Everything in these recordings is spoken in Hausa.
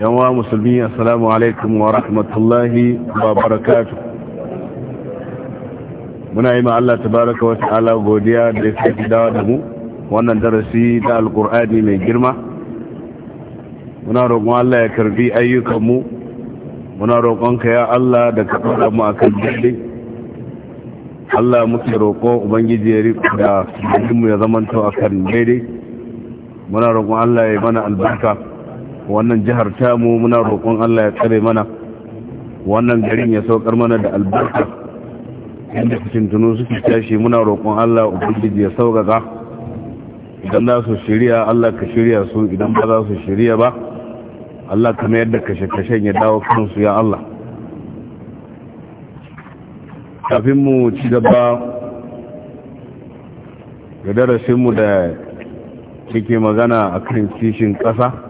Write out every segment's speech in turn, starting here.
yanwa musulmi assalamu alaikum wa rahmatullahi wa barakatu muna yi Allah tabaraka wa ta'ala godiya da ya fi dawa da mu wannan darasi na alkur'ani mai girma muna roƙon Allah ya karbi ayyukanmu muna roƙonka ya Allah da ka faɗa mu akan jirgin Allah muke roƙo ubangiji ya riƙa da mu ya zamanto akan daidai muna roƙon Allah ya yi mana albarka wannan jihar tamu muna roƙon Allah ya tsare mana wannan garin ya saukar mana da albarka inda cikin tunu suke tashi muna roƙon Allah ubangiji ya saukaka idan za su shirya Allah ka shirya su idan ba za su shirya ba Allah ka mayar da kashe-kashen ya dawo kansu ya Allah kafin mu ci gaba ga darasinmu da kike magana a kan kishin ƙasa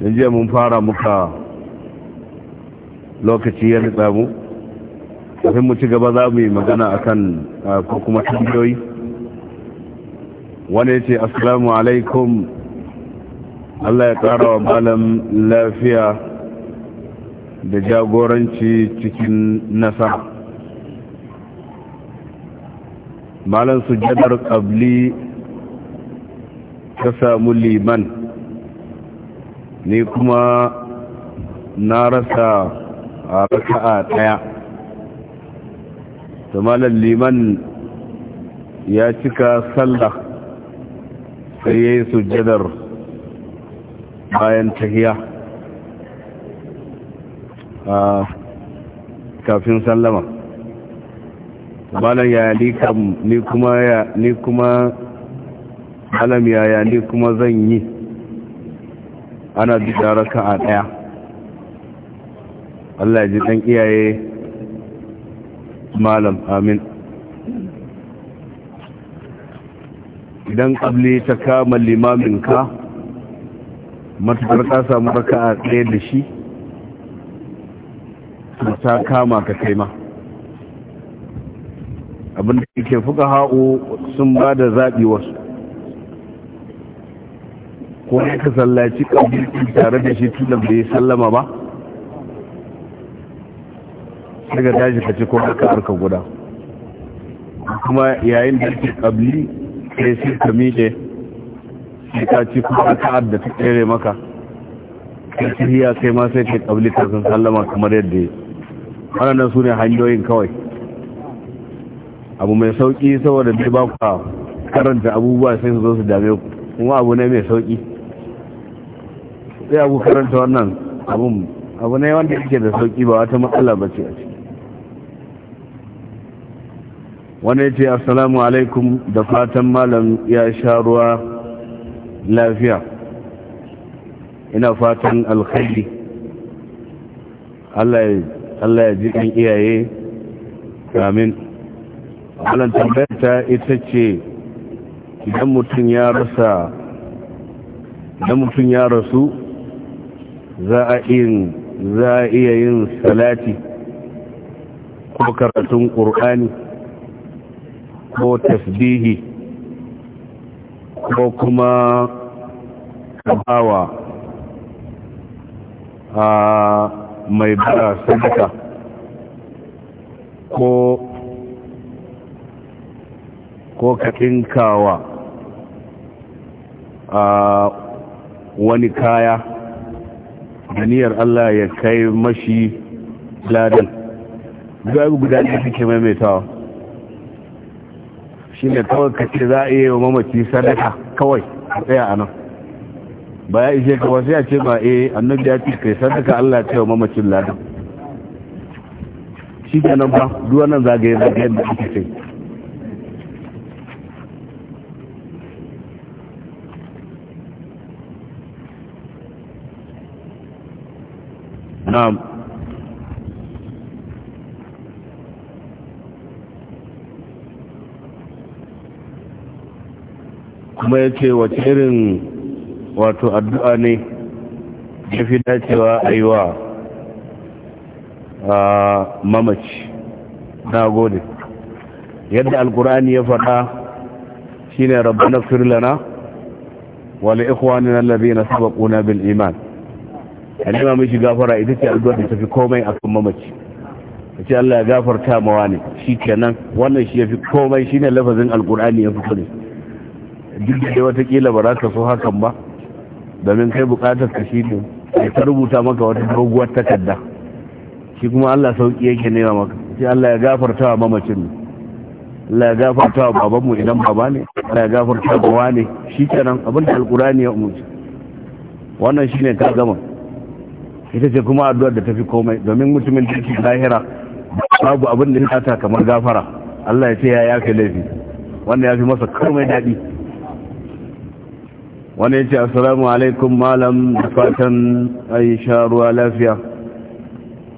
don jiya mun fara muka lokaci ya ritsa mu kafin mu ci gaba za mu yi magana akan ko kuma tambayoyi wani ya ce assalamu alaikum Allah ya ƙara wa malam lafiya da jagoranci cikin nasa malam su jadar ƙabli ta samu liman ni kuma na rasa a raka'a ɗaya tumalar liman ya cika sallah sai ya yi sujjadar bayan tahiya a kafin sallama malam ya ni kuma ya ni kuma alam yaya ni kuma zan yi ana bida a daya Allah ya ji dan iyaye malam amin idan kabli ta kama limamin ka matukar ka samu a ɗaya da shi ta kama ka kai ma abinda ke fuka ha'o sun ba da zaɓi wasu ko ne ka sallaci ƙabilin tare da shi tun da bai sallama ba daga tashi ka ci ko aka arka guda kuma yayin da ake kabli sai sai ka miƙe sai ka ci ko aka da ta kere maka kai tahiya kai ma sai ka kabli ka san sallama kamar yadda ya waɗannan su ne hanyoyin kawai abu mai sauƙi saboda bai ba ku karanta abubuwa sai su zo su dame ku kuma abu ne mai sauƙi sai abu karanta wannan abun abu ne wanda yake da sauki ba wata matsala ba ce a ciki wani ya ce assalamu alaikum da fatan malam ya sha ruwa lafiya ina fatan alkhairi Allah ya ji ɗan iyaye amin wannan tambayar ta ita ce idan mutum ya rasa idan mutum ya rasu za a iya yin salati ko karatun ƙur'ani ko tasbihi ko kuma kabawa a mai bara sadaka ko ko ka ɗinkawa a wani kaya da Allah ya kai mashi ladan yi guda ɗaya suke maimaitawa shi ne kawai ka za a iya wa mamaci sadaka kawai a tsaya a nan ba ya ishe ka sai a ce ba e eh, annabi ya ce kai sadaka Allah ce wa mamacin ladan shi ke nan ba duwannan zagaye zagaye da ake ce na'am kuma ya ce wace irin wato addu'a ne ya fi dacewa a yi wa mamaci na gode yadda alkur'ani ya faɗa shine rabbana firlana na ikhwanina na sabaƙuna bil iman a nema mishi gafara ita ce addu'ar da tafi komai a kan mamaci a ce Allah ya gafarta mawa ne shi kenan wannan shi ya fi komai shi ne lafazin alkur'ani ya fito ne duk da watakila ba za ka so hakan ba domin kai bukatar ka shi ne ya ta rubuta maka wata doguwar takarda shi kuma Allah sauki yake nema maka sai Allah ya gafarta wa mamacin ne Allah ya gafarta wa babanmu idan baba ne Allah ya gafarta wa ne shi kenan abin da alkur'ani ya umarci wannan shi ne ta gama ita ce kuma addu'ar da tafi komai domin mutumin da yake lahira babu abin da ya ta kamar gafara Allah ya ce ya yafe laifi wanda ya fi masa komai daɗi wani ya ce assalamu alaikum malam da fatan ai sha ruwa lafiya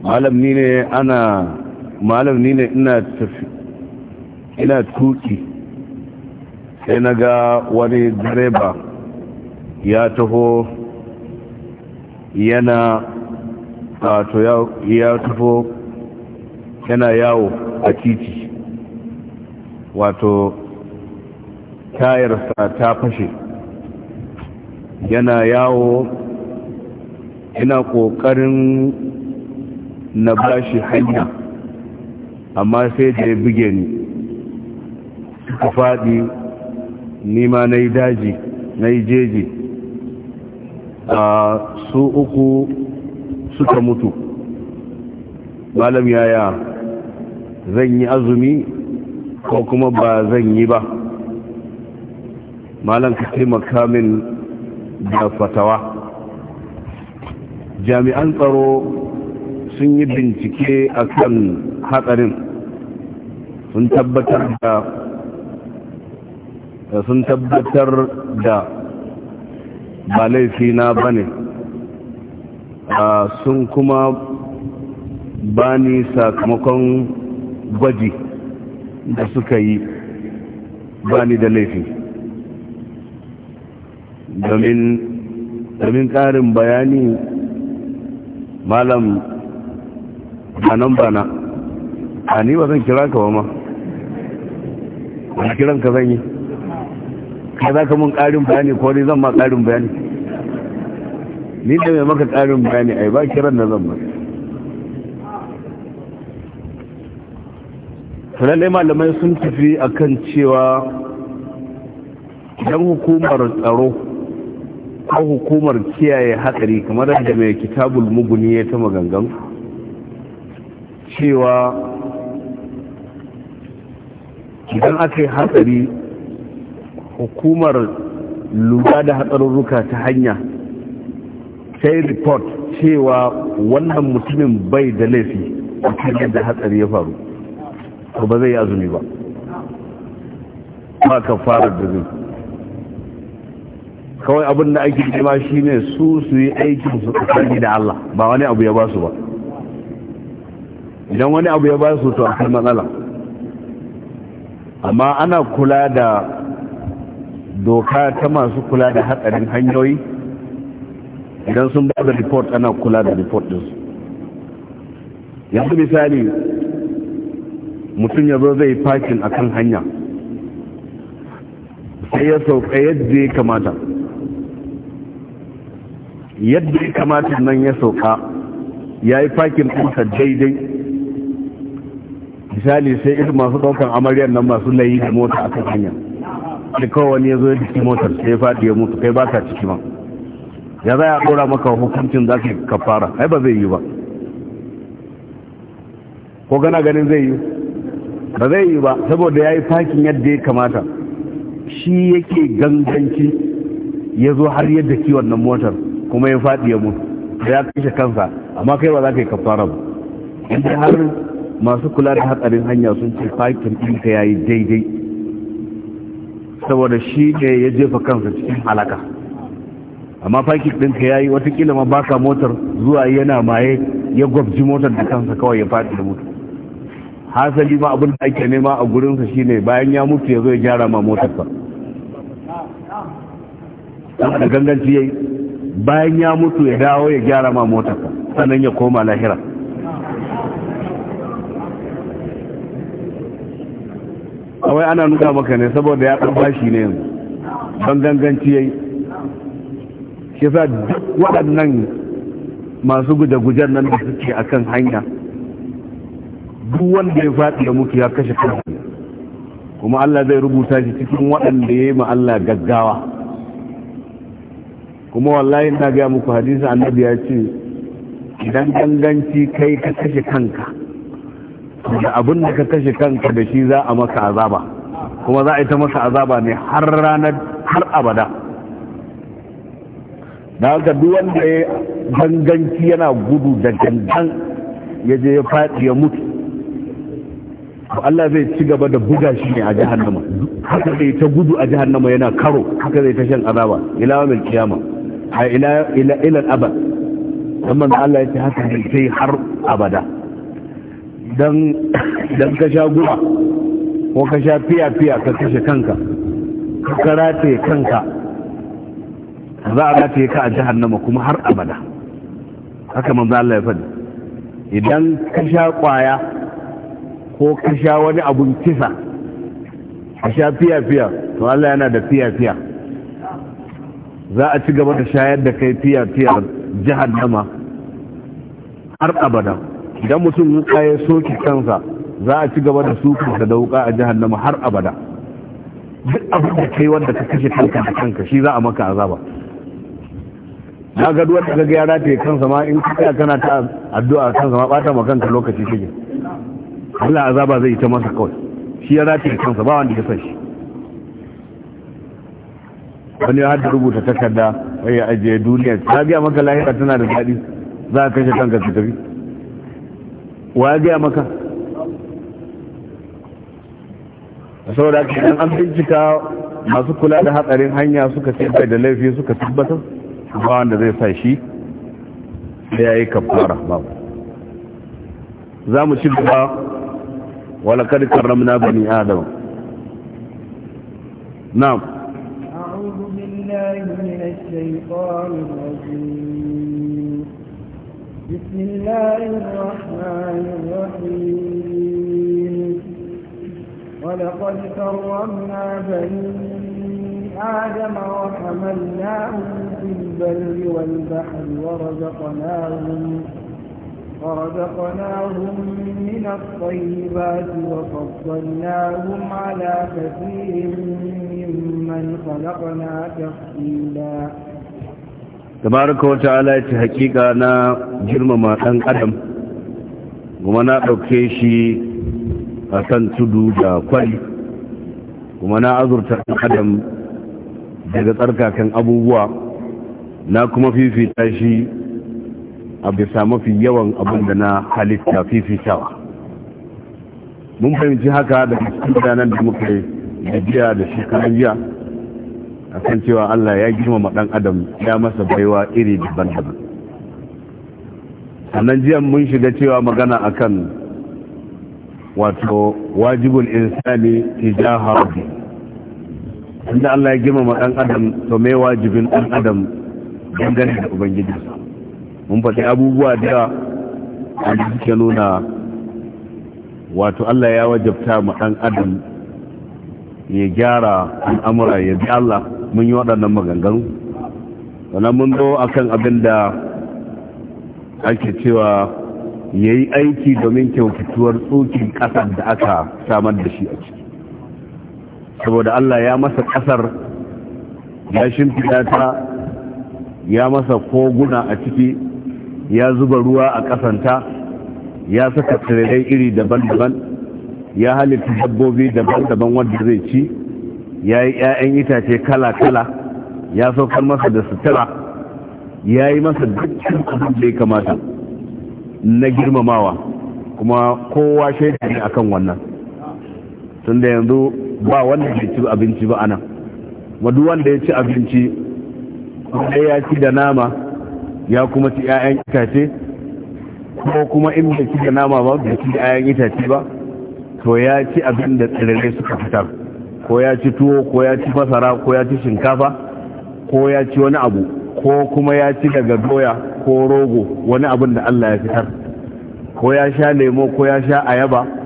malam ni ne ana malam ni ne ina tafi ina tuki sai na ga wani direba ya taho yana wato ya tufo yana yawo a titi wato tayarsa ta fashe yana yawo yana ƙoƙarin na bashi hanya amma sai da ya buge ni suka faɗi nima na yi daji na yi jeji a su uku suka mutu malam yaya zan yi azumi ko kuma ba zan yi ba malam ka taimaka min da fatawa jami'an tsaro sun yi bincike a kan hatsarin sun tabbatar da sun tabbatar da ba ne. na bane sun kuma bani sakamakon gwaji da suka yi bani da laifi domin ƙarin bayani malam a nan bana a ni ba zan kira ka ba ma a kiran ka zan yi ka za ka mun ƙarin bayani ko ne zan ma ƙarin bayani ni da mai maka tsarin bayani a yi ba kiran na zan mata sananne malamai sun tafi akan cewa don hukumar tsaro ko hukumar kiyaye hatsari kamar da mai kitabul muguni ya ta magangan cewa idan aka yi hatsari hukumar lura da hatsarurruka ta hanya ta yi report cewa wannan mutumin bai da laifi a kan yadda hatsari ya faru ko ba zai yi azumi ba ba ka fara da zai kawai abin da ake jima shi ne su su yi aikin su tsakani da Allah ba wani abu ya ba su ba idan wani abu ya ba su to akwai matsala amma ana kula da doka ta masu kula da hatsarin hanyoyi idan sun ba da report ana kula da report su yanzu misali mutum ya zo zai fakin a kan hanya sai ya sauka yadda ya kamata yadda ya kamata nan ya sauka ya yi fakin ɗinsa daidai misali sai irin masu ɗaukar amaryar nan masu layi da mota a kan hanya da wani ya zo ya jiki motar sai ya faɗi ya mutu kai ba ka ciki ma ya za a ɗora maka hukuncin za ka fara ai ba zai yi ba ko gana ganin zai yi ba zai yi ba saboda ya yi fakin yadda ya kamata shi yake ganganci ya zo har yadda kiwon nan motar kuma ya faɗi ya mutu da ya kashe kansa amma kai ba za ka yi kafara ba inda har masu kula da hatsarin hanya sun ce fakin ɗinka ya yi daidai saboda shi ne ya jefa kansa cikin halaka amma fakit ɗinka ya yi watakila ma baka motar zuwa yana maye ya gwabji motar da kansa kawai ya faɗi da mutu hasali ma abin da ake nema a gurinsa shine bayan ya mutu ya zo ya gyara ma motar dan da ganganci ya yi bayan ya mutu ya dawo ya gyara ma motar sa sannan ya koma lahira kawai ana nuna maka ne saboda ya ɗan bashi ne yanzu don ganganci ya yi shi duk waɗannan masu guje-gujen nan da suke a kan hanya duk wanda ya faɗi da muke ya kashe kan kuma Allah zai rubuta shi cikin waɗanda ya yi ma Allah gaggawa kuma wallahi na gaya muku hadisi annabi ya ce idan ganganci kai ka kashe kanka da abin da ka kashe kanka da shi za a maka azaba kuma za a yi ta maka azaba ne har ranar har abada da haka duk wanda ya ganganci yana gudu da gangan ya je ya faɗi ya mutu Allah zai ci gaba da buga shi ne a jahannama haka zai ta gudu a jahannama yana karo haka zai ta shan azaba ila mil kiyama a ila ila ila abad amma Allah ya ce haka zai sai har abada dan dan ka sha gura ko ka sha fiya fiya ka kashe kanka ka karate kanka za a dace ka a jahannama kuma har abada haka manzo Allah ya faɗi idan ka sha kwaya ko ka sha wani abun kisa a sha fiya-fiya to Allah yana da fiya-fiya za a ci gaba da shayar da kai fiya-fiya jahannama har abada idan mutum wuka ya soki kansa za a ci gaba da sukunsa da wuka a jahannama har abada duk abin da kai wanda ka kashe kanka da kanka shi za a maka azaba na ga duwar da kaga ya rataye kansa ma in ka kana ta addu'a kansa ma bata ma kanka lokaci shige Allah azaba zai ta masa kawai shi ya rataye kansa ba wanda ya san shi wani ya rubuta takarda wai ya ajiye duniya ta ga maka lahira tana da daɗi za ka kashe kanka ka tafi wa ya ga maka saboda an bincika masu kula da hatsarin hanya suka ce da laifi suka tabbatar ba wanda zai sa shi sai ya yi kafara ba, za mu ci gaba karram na bani adam na'am بسم الله الرحمن الرحيم ولقد كرمنا بني آدم وحملناهم في البر والبحر ورزقناهم ورزقناهم من الطيبات وفضلناهم على كثير ممن خلقنا تفصيلا تبارك وتعالى حقيقة أنا جرم ما كان قدم kuma na ɗauke shi a kan tudu da kwari kuma daga tsarkakan abubuwa na kuma fifita shi a bisa mafi yawan abin da na halitta fifitawa mun fahimci haka da cikin nan da muka yi da jiya da jiya a kan cewa allah ya girmama ɗan adam ya masa baiwa iri daban-daban sannan jiya mun shiga cewa magana akan wato wajibul insani tijaha rabbi inda Allah ya girmama ɗan adam to mai wajibin ɗan adam dangane da ubangijinsa mun faɗi abubuwa da wanda suke nuna wato Allah ya wajabta ma ɗan adam ya gyara al'amura ya bi Allah mun yi waɗannan maganganu sannan mun zo akan abin da ake cewa ya yi aiki domin kyautatuwar tsokin ƙasar da aka samar da shi a ciki saboda Allah ya masa ƙasar ya shimfiɗa ta ya masa koguna a ciki ya zuba ruwa a ƙasanta ya saka tsirrai iri daban-daban ya halitta dabbobi daban-daban wanda zai ci ya yi 'ya'yan itace kala-kala ya saukar masa da sutura ya yi masa dukkan abin da ya kamata na girmamawa kuma kowa shaidari a akan wannan tun da yanzu ba wanda ke ci abinci ba anan madu wanda ya ci abinci sai ya ci da nama ya kuma ci 'ya'yan itace ko kuma in bai ci da nama ba bai ci da 'ya'yan itace ba to ya ci abin da tsirrai suka fitar ko ya ci tuwo ko ya ci fasara ko ya ci shinkafa ko ya ci wani abu ko kuma ya ci daga doya ko rogo wani abin da Allah ya fitar ko ya sha lemo ko ya sha ayaba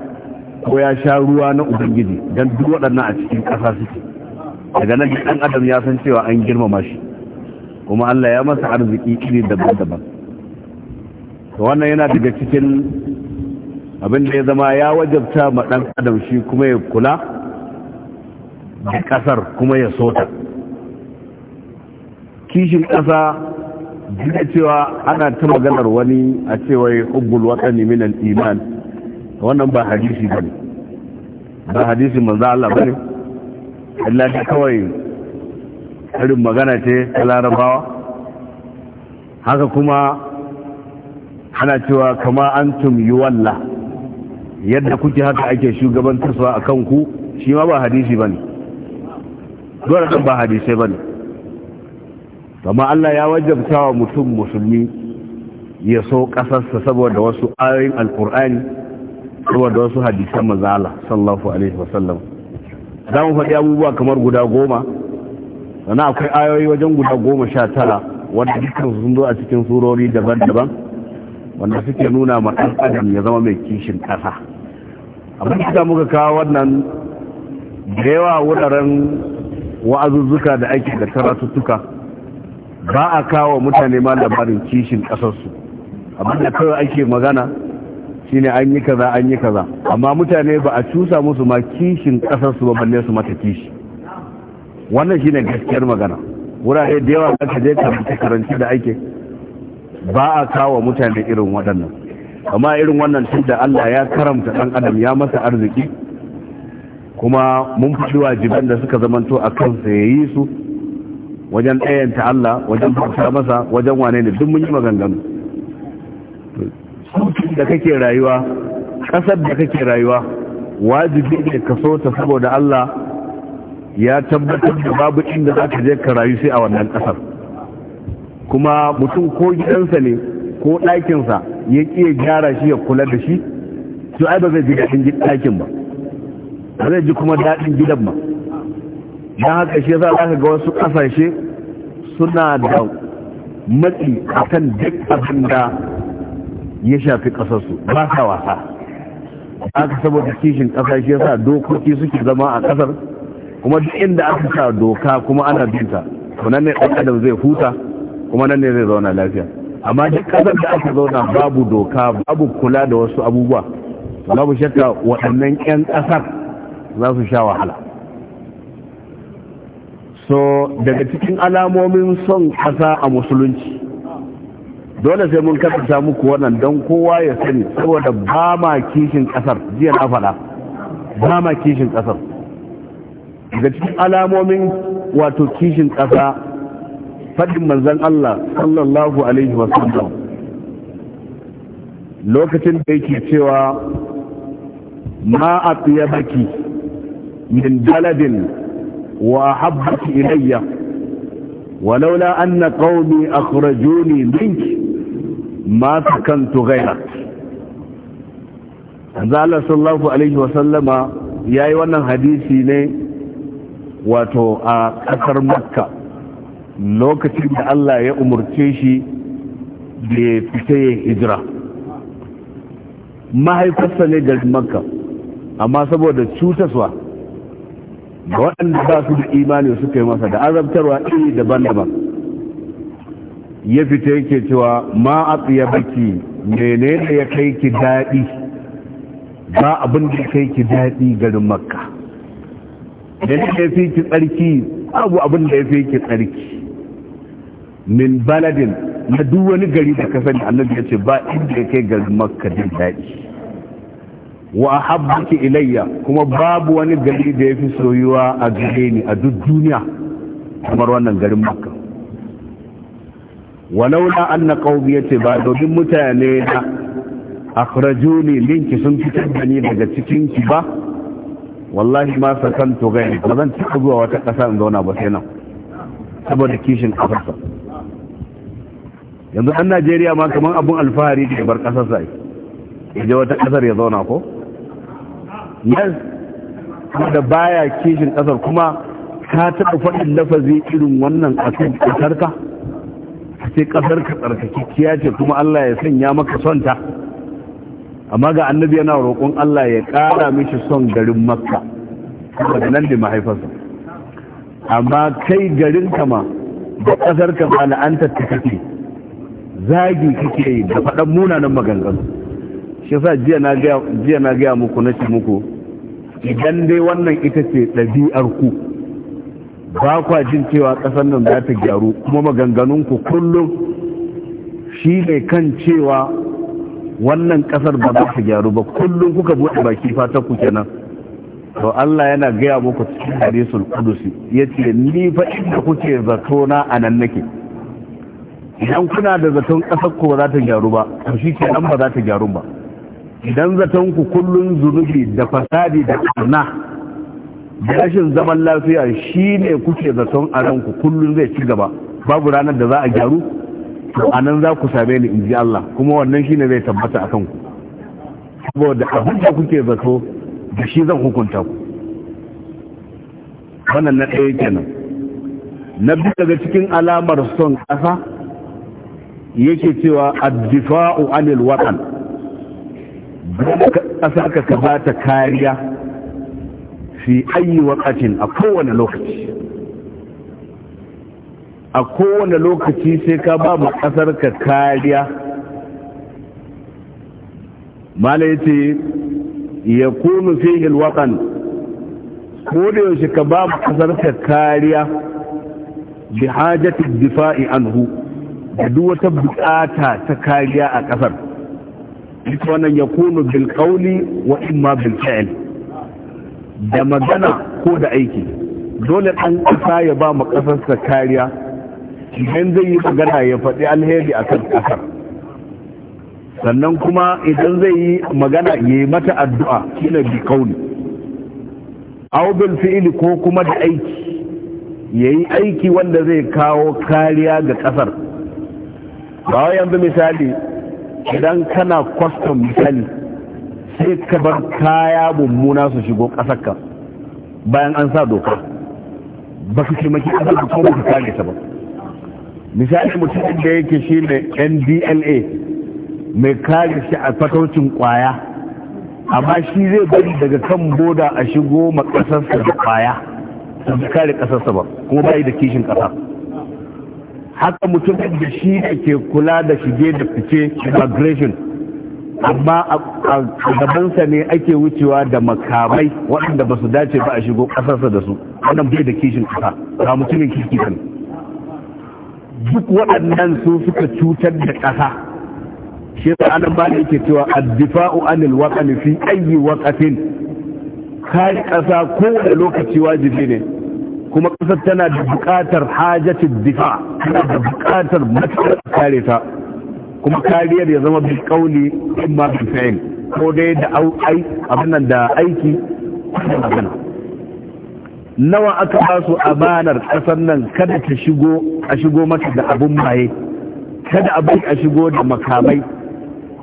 ko ya sha ruwa na ubangiji don duk waɗannan a cikin ƙasa suke daga nan ɗan adam ya san cewa an girmama shi kuma allah ya masa arziki iri daban-daban wannan yana daga cikin abin da ya zama ya wajabta ma ɗan adam shi kuma ya kula da ƙasar kuma ya sota kishin ƙasa duk cewa ana ta maganar wani a cewa ya hubbul waɗanni minan iman wannan ba hadisi ba ne, ba hadisi manzo Allah bane Allah ta kawai irin magana ce ta larabawa haka kuma ana cewa kama antum yuwalla yadda kuke haka ake shugabantarsa a kanku shi ma ba hadisi ba ne, dole ɗan ba hadisai ne. amma Allah ya wajabta wa mutum musulmi ya so ƙasarsa saboda wasu ayoyin alkur'ani da wasu hadisan mazala sallallahu alaihi wasallam za mu faɗi abubuwa kamar guda goma sana akwai ayoyi wajen guda goma sha tara wanda dukkan sun zo a cikin surori daban-daban wanda suke nuna ma ɗan adam ya zama mai kishin ƙasa abin da muka kawo wannan da yawa wuraren wa'azuzzuka da ake da karatuttuka ba a kawo mutane ma labarin kishin ƙasarsu abin da kawai ake magana ne an yi kaza an yi kaza amma mutane ba a cusa musu ma kishin kasar su ba balle su mata kishi wannan shine gaskiyar magana wurare da yawa aka je ka karanci da ake ba a kawo mutane irin waɗannan amma irin wannan tun da Allah ya karamta ɗan adam ya masa arziki kuma mun fi wajiban da suka zamanto a kansa ya yi su wajen ɗayanta Allah wajen bauta masa wajen wane ne duk mun yi maganganu mutum da kake rayuwa ƙasar da kake rayuwa wajibi ne ka so ta saboda Allah ya tabbatar da babu inda za ka je ka rayu sai a wannan ƙasar kuma mutum ko gidansa ne ko ɗakinsa ya iya gyara shi ya kula da shi to ai ba zai ji daɗin ɗakin ba ba zai ji kuma daɗin gidan ba Na haka shi za ka ga wasu ƙasashe suna da matsi a kan duk abin da ya shafi ƙasarsu ba sa wasa aka saboda kishin ƙasa shi yasa dokoki suke zama a ƙasar kuma duk inda aka sa doka kuma ana binta to nan ne ɗan adam zai huta kuma nan ne zai zauna lafiya amma duk ƙasar da aka zauna babu doka babu kula da wasu abubuwa babu shakka waɗannan ƴan ƙasar za su sha wahala so daga cikin alamomin son ƙasa a musulunci dole sai mun kasanta muku wannan don kowa ya sani saboda ba ma kishin kasar jiya na faɗa ba ma kishin kasar daga cikin alamomin wato kishin kasa faɗin manzan Allah sallallahu alaihi wasallam lokacin da yake cewa ma a baki min daladin wa habbaki ilayya ولولا أن قومي أخرجوني منك ma sakantu ghaira Allah sallallahu alaihi wa sallama yayi wannan hadisi ne wato a ƙasar Makka lokacin da Allah ya umarce shi da ya fita ya hijira mahaifarsa ne garin Makka amma saboda cutaswa ga waɗanda ba su da imani suka yi masa da azabtarwa iri daban-daban ya fita yake cewa ma a tsaye baki menene ya kai ki daɗi ba abin da ya kai ki daɗi garin makka da ya fi ki tsarki abu abin da ya fi ki tsarki min baladin na duk wani gari da ka sani annabi ya ce ba inda ya kai garin makka din daɗi wa habbuki ilayya kuma babu wani gari da ya fi soyuwa a gare ni a duk duniya kamar wannan garin makka walaula anna ya ce ba domin mutane na ni linki sun fitar da ni daga cikin ki ba wallahi ma sakantu gai ba zan taɓa zuwa wata ƙasa in zauna ba sai nan saboda kishin kafarsa yanzu ɗan najeriya ma kamar abin alfahari da bar ƙasar sa ya je wata ƙasar ya zauna ko yes da baya kishin ƙasar kuma ka taɓa faɗin lafazi irin wannan a kan ƙasarka sai kasar ka tsarkakakkiya ce kuma Allah ya sanya maka sonta amma ga annabi yana roƙon Allah ya ƙara mishi son garin makka saboda nan da mahaifarsa amma kai garin kama da kasar ka ba la'antar ta kake zagi kake yi da faɗan munanan maganganu shi sa jiya na gaya muku na ce muku idan dai wannan ita ce ɗabi'ar ku ba kwa jin cewa ƙasar nan za ta gyaru kuma maganganunku kullum shi ne kan cewa wannan ƙasar ba za ta gyaru ba kullum kuka buɗe baki fatan ku kenan to Allah yana gaya muku cikin hadisul qudusi yace ni fa inda kuke zato na anan nake idan kuna da zaton ƙasar ku ba za ta gyaru ba to shi ke nan ba za ta gyaru ba idan zaton ku kullum zunubi da fasadi da ƙarna da rashin zaman lafiya shi ne kuke zaton a ranku kullum zai ci gaba babu ranar da za a gyaru To a nan za ku same ni in ji Allah kuma wannan shi ne zai tabbata a kanku saboda abin da kuke zato da shi zan hukunta ku wannan na ɗaya kenan na bi daga cikin alamar son ƙasa yake cewa addifa'u anil watan ƙasa ka ka kariya fi ayi wakatin a kowane lokaci a kowane lokaci sai ka ba mu kasar ka kariya mala yace ya kunu fihi alwatan ko da yaushe ka ba mu kasar ka kariya bi hajati difa'i anhu da duk wata bukata ta kariya a kasar ita wannan ya kunu bil qawli wa imma bil fi'l da magana ko da aiki dole ɗan ƙasa ya ba mu ƙasarsa kariya idan zai yi magana ya faɗi alheri a kan ƙasar sannan kuma idan zai yi magana ya yi mata addu'a na bi kauli aw bil fi'li ko kuma da aiki ya yi aiki wanda zai kawo kariya ga kasar ba yanzu misali idan kana kwastan misali sai ka bar kaya mummuna su shigo ƙasarka bayan an sa doka ba su taimaki ƙasar da kuma ka kare ta ba misali mutum da yake shi ne ndla mai kare shi a fataucin kwaya amma shi zai bari daga kan boda a shigo ma ƙasarsa da kwaya da kare ƙasarsa ba kuma bayi da kishin ƙasa haka mutum da shi ne ke kula da shige da fice immigration amma a gabansa ne ake wucewa da makamai waɗanda ba su dace ba a shigo ƙasarsa da su wannan bai da kishin ƙasa ga mutumin kirki kan duk waɗannan su suka cutar da ƙasa shi yasa anan ba da yake cewa addifa'u anil waqani fi ayyi waqatin kai ƙasa kowane lokaci wajibi ne kuma ƙasar tana da buƙatar hajatid difa tana da buƙatar matuƙar kare ta kuma kariyar ya zama bin kauli in ma bil fa'il ko dai da ai abin nan da aiki da abin nawa aka ba su amanar kasar nan kada ta shigo a shigo mata da abun maye kada a bai a shigo da makamai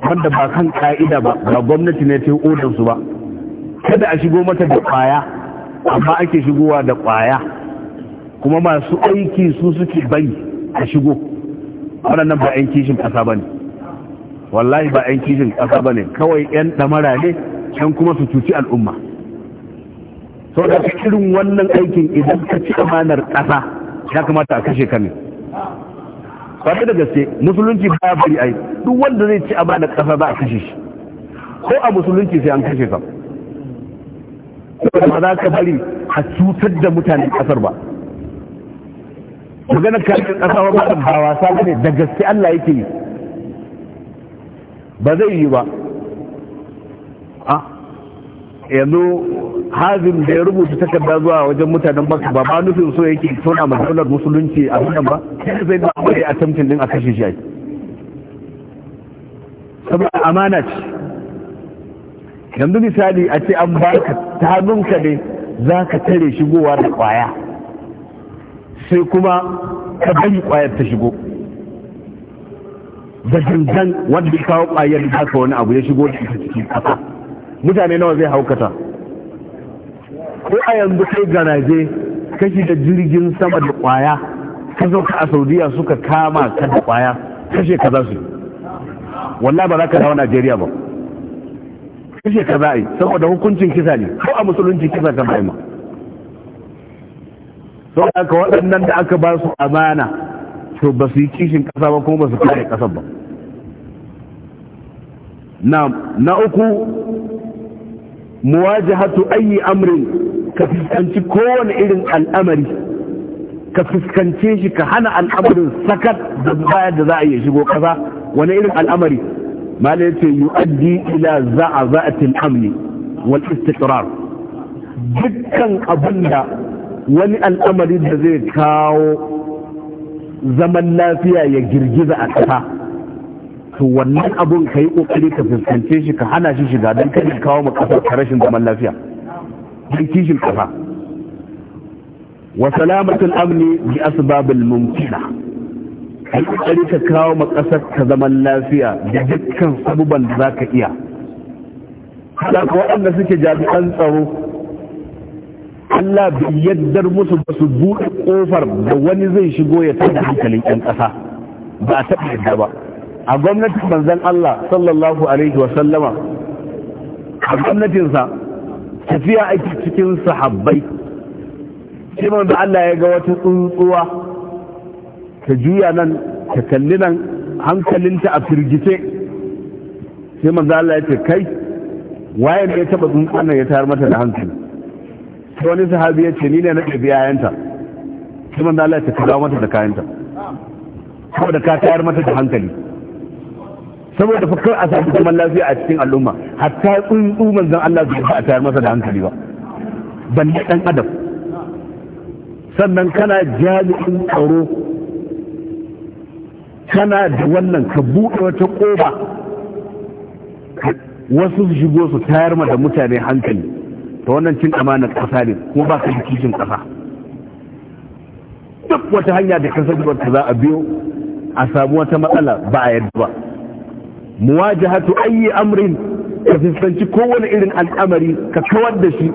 wanda ba kan ka'ida ba ba gwamnati ne ta yi odar ba kada a shigo mata da kwaya amma ake shigowa da kwaya kuma masu aiki su suke bai a shigo nan ba 'yan kishin ƙasa ba ne wallahi ba 'yan kishin ƙasa ba ne kawai 'yan ɗamara ne 'yan kuma su cuci al'umma sau da irin wannan aikin idan ka ci amanar ƙasa ya kamata a kashe ka ne kwaɗe da gaske musulunci ba ya bari ai duk wanda zai ci amanar ƙasa za a kashe shi ko a musulunci sai an kashe ka ba za ka bari a cutar da mutanen ƙasar ba magana karfin ƙasa wa ba wasa ba ne da gaske Allah yake yi ba zai yi ba yanzu hazin da ya rubuta takarda zuwa wajen mutanen baka ba ba nufin so yake a masarar musulunci a nan ba sai zai ba a tamtin din a kashe shi saboda amana ce yanzu misali a ce an baka ta hannunka ne za ka tare shigowa da kwaya sai kuma ka bari kwayar ta shigo da gangan wanda ya kawo kwayar da haka wani abu ya shigo da ita cikin kasa mutane nawa zai haukata ko a yanzu kai garaje kashi da jirgin sama da kwaya ka zo ka a saudiya suka kama ka da kwaya kashe ka za su wallah ba za ka dawo najeriya ba kashe ka za a yi saboda hukuncin kisa ne ko a musulunci kisa ka ma don aka waɗannan da aka ba su amana to ba su yi kishin ƙasa ba kuma ba su kare ƙasa ba na uku muwajahatu ayi amrin ka fuskanci kowane irin al'amari ka fuskance shi ka hana al'amarin sakat da bayar da za a iya shigo ƙasa wani irin al'amari malai ce yu'addi ila za'a za'atil amni wal istikrar. dukkan abin da wani al'amari da zai kawo zaman lafiya ya girgiza a ƙasa to wannan abun ka yi ƙoƙari ka fuskance shi ka hana shi shiga don kada kawo ma ƙasar ka rashin zaman lafiya don kishin ƙasa wa salamatul amni bi asbabil mumkina ka yi ƙoƙari ka kawo ma ƙasar ka zaman lafiya da dukkan sabuban da za ka iya haɗa waɗanda suke jami'an tsaro Allah bai yaddar musu ba su buɗe ƙofar da wani zai shigo ya taɓa hankalin 'yan ƙasa ba a taɓa yadda ba a gwamnatin manzon Allah sallallahu alaihi wa sallama a gwamnatinsa tafiya ake cikin sahabbai shi manzo Allah ya ga wata tsuntsuwa ta juya nan ta kalli nan hankalinta a firgice sai manzo Allah ya ce kai waye ne ya taba tsuntsuwan ya tayar mata da hankali sai wani sahabi ya ce ni ne na ɗabi yayanta sai manzo Allah ya ta ka dawo mata da kayanta saboda ka tayar mata da hankali saboda fa a samu zaman lafiya a cikin al'umma hatta tsuntsu manzon Allah zai ba a tayar masa da hankali ba balle dan adam sannan kana jami'in tsaro kana da wannan ka buɗe wata ƙofa wasu su shigo su tayar ma da mutane hankali ta wannan cin amanar ƙasa ne kuma ba ka da kishin ƙasa duk wata hanya da kasar da za a biyo a samu wata matsala ba a yadda ba muwajahatu ayyi amrin ka fuskanci kowane irin al'amari ka kawar da shi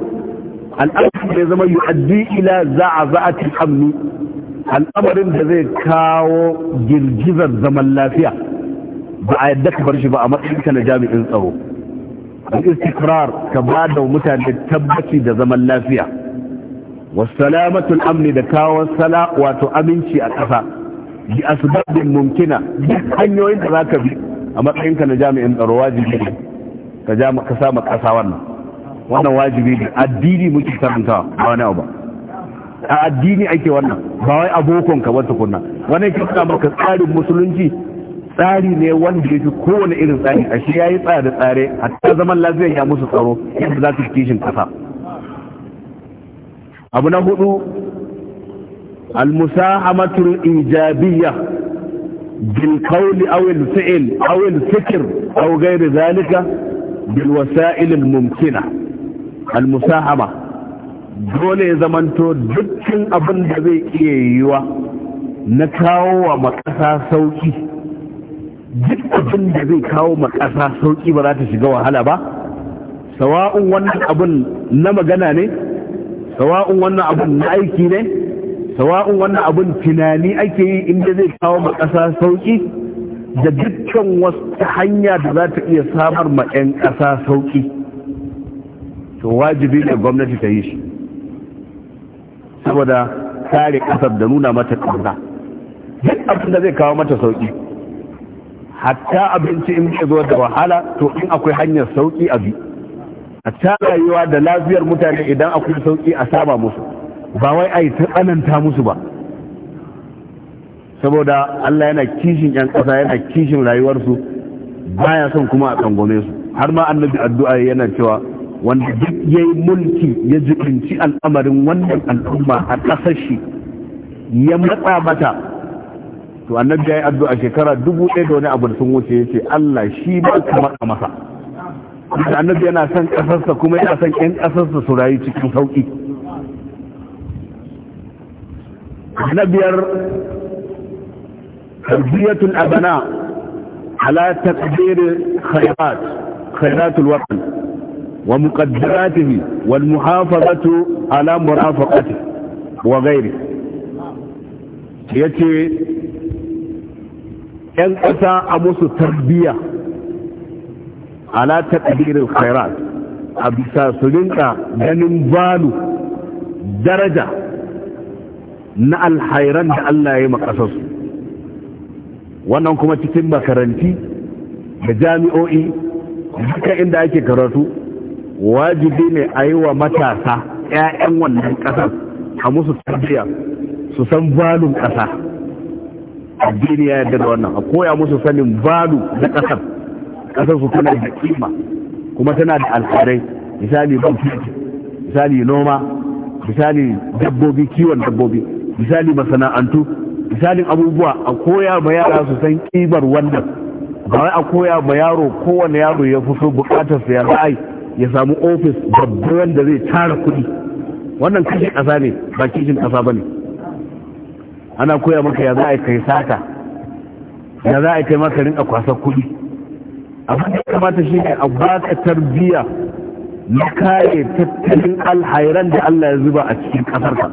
al'amarin da zama yu'addi ila za'aza'atil amni al'amarin da zai kawo girgizar zaman lafiya ba a yadda ka bar shi ba a matsayin ka na jami'in tsaro istikrar ka ba da mutane tabbaci da zaman lafiya wasalamatul amni da kawo sala wato aminci a ƙasa bi asbabin mumkina duk hanyoyin da zaka bi a matsayinka na jami'in tsaro wajibi ne ka ja ka sama ƙasa wannan wannan wajibi ne addini muke karantawa ba wani abu a addini ake wannan ba wai ka wata kunna wani ke maka tsarin musulunci tsari ne wanda ya fi kowane irin tsari a shi ya yi tsaya da tsare hatta zaman lafiyar ya musu tsaro yadda za su fi kishin kasa abu na hudu almusahamatul ijabiyya bil qawli aw al fi'l aw aw zalika bil wasa'il mumkina al dole ya zamanto dukkan abin da zai iya yiwa na kawo wa makasa sauki duk abin da zai kawo ma ƙasa sauƙi ba za ta shiga wahala ba sawa'un wannan abin na magana ne sawa'un wannan abin na aiki ne sawa'un wannan abin tunani ake yi inda zai kawo ma ƙasa sauƙi da dukkan wasu hanya da za ta iya samar ma 'yan ƙasa sauƙi to wajibi ne gwamnati ta yi shi saboda kare ƙasar da nuna mata ƙasa. duk abin da zai kawo mata sauƙi hatta abinci in ya zo da wahala to in akwai hanyar sauki a bi hatta rayuwa da lafiyar mutane idan akwai sauki a saba musu ba wai a yi ta tsananta musu ba saboda Allah yana kishin yan ƙasa yana kishin rayuwarsu baya son kuma a tsangome su har ma annabi addu'a yana cewa wanda duk yayi mulki ya jibinci al'amarin wannan al'umma a ƙasar shi ya matsa mata to annabi ya yi addu'a shekara dubu ɗaya da wani abu da sun wuce yace Allah shi ba kamar a masa annabi yana son ƙasarsa kuma yana son ƴan ƙasarsa su rayu cikin sauƙi na biyar tarbiyyatul abana ala taqdir khayrat khayratul watan wa muqaddaratihi wal muhafazatu ala murafaqatihi wa ghairihi yace 'yan ƙasa a musu tarbiyya ala ɗabirin khairat a bisa su rinka ganin balu daraja na alhairan da Allah ya yi makasarsu wannan kuma cikin makaranti da jami'o'i duka inda ake karatu wajibi ne a yi wa matasa 'ya'yan wannan ƙasar a musu tarbiyya su san balun ƙasa addini ya yarda da wannan a koya musu sanin balu na kasar kasar su tana da kima kuma tana da alfarai misali banki misali noma misali dabbobi kiwon dabbobi misali masana'antu misalin abubuwa a koya ma yara su san kibar wannan ba a koya ma yaro kowane yaro ya fi so bukatar sa ya ra'ayi ya samu ofis babban da zai tara kuɗi wannan kashin ƙasa ne ba kishin ƙasa ba ne ana koya maka ya za a kai sata ya za a kai maka rinka kwasa kuɗi abin da kamata shi ne a baka tarbiyya na kare tattalin alhairan da Allah ya zuba a cikin ƙasarka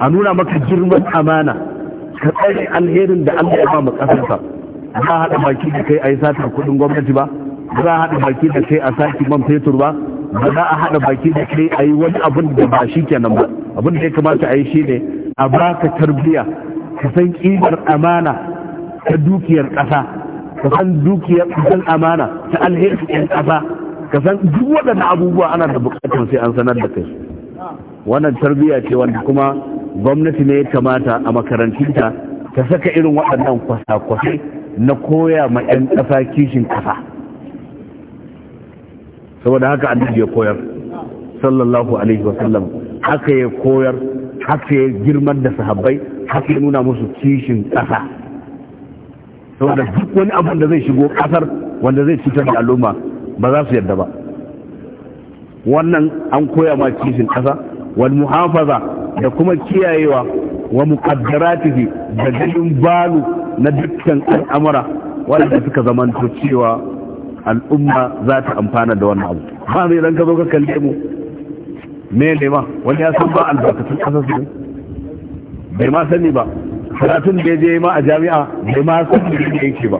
a nuna maka girman amana ka tsare alherin da Allah ya ba mu ƙasarka ba haɗa baki da kai a yi satar kuɗin gwamnati ba ba za a haɗa baki da kai a saki man fetur ba ba za a haɗa baki da kai a yi wani abin da ba shi kenan ba abin da ya kamata a yi shi ne a baka tarbiya ka san kibar amana ta dukiyar ƙasa ka san dukiyar ƙasar amana ta alheri ƴan ƙasa ka san duk waɗannan abubuwa ana da buƙatar sai an sanar da kai wannan tarbiyya ce wanda kuma gwamnati ne ya kamata a makarantinta ta saka irin waɗannan kwasa-kwasai na koya ma 'yan ƙasa kishin ƙasa saboda haka annabi ya koyar sallallahu alaihi wasallam haka ya koyar haka ya girmar da sahabbai haka ya nuna musu kishin ƙasa saboda duk wani abin da zai shigo ƙasar wanda zai cutar da al'umma ba za su yarda ba wannan an koya ma kishin ƙasa wani muhafaza da kuma kiyayewa wa muqaddaratihi da ganin balu na dukkan al'amura wanda suka zamanto cewa al'umma za ta amfana da wannan abu ba mai ka zo ka kalle mu me ne ma wani ya san ba albarkatun kasar su bai ma sani ba karatun da je ma a jami'a bai ma sani da yake ba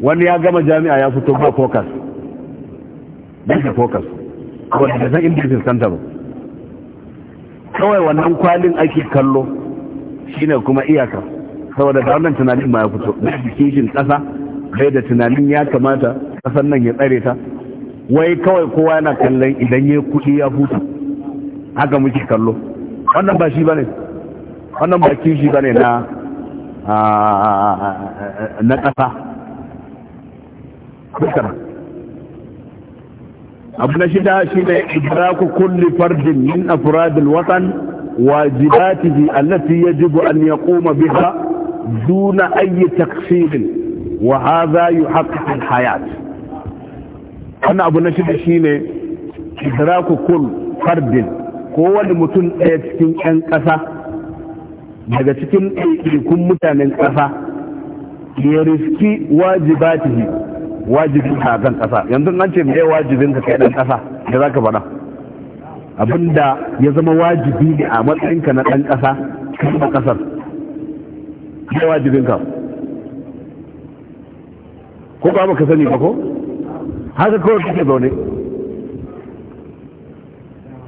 wani ya gama jami'a ya fito ba focus ba da focus kawai da san inda fuskanta ba kawai wannan kwalin ake kallo shine kuma iyaka saboda da wannan tunanin ma ya fito na education kasa bai da tunanin ya kamata kasan nan ya tsare ta wai kawai kowa yana kallon idan ya kuɗi ya hutu haka muke kallo wannan ba shi bane wannan ba kishi bane na na kasa dukkan abu na shida shi ne idraku kulli fardin min afradil watan wajibatihi allati yajib an yaquma biha duna ayi taqsir wa hadha yuhaqqiqu al hayat wannan abu na shida shine idraku kulli fardin kowane mutum ɗaya cikin 'yan ƙasa daga cikin ɗaiɗaikun mutanen ƙasa ya riski wajibatihi wajibin ka kan ƙasa yanzu an ce mai wajibin ka kai ɗan ƙasa da za ka faɗa abinda ya zama wajibi ne a matsayinka na ɗan ƙasa kuma ƙasar mai wajibin ka ko ba ka sani ba ko haka kawai kake zaune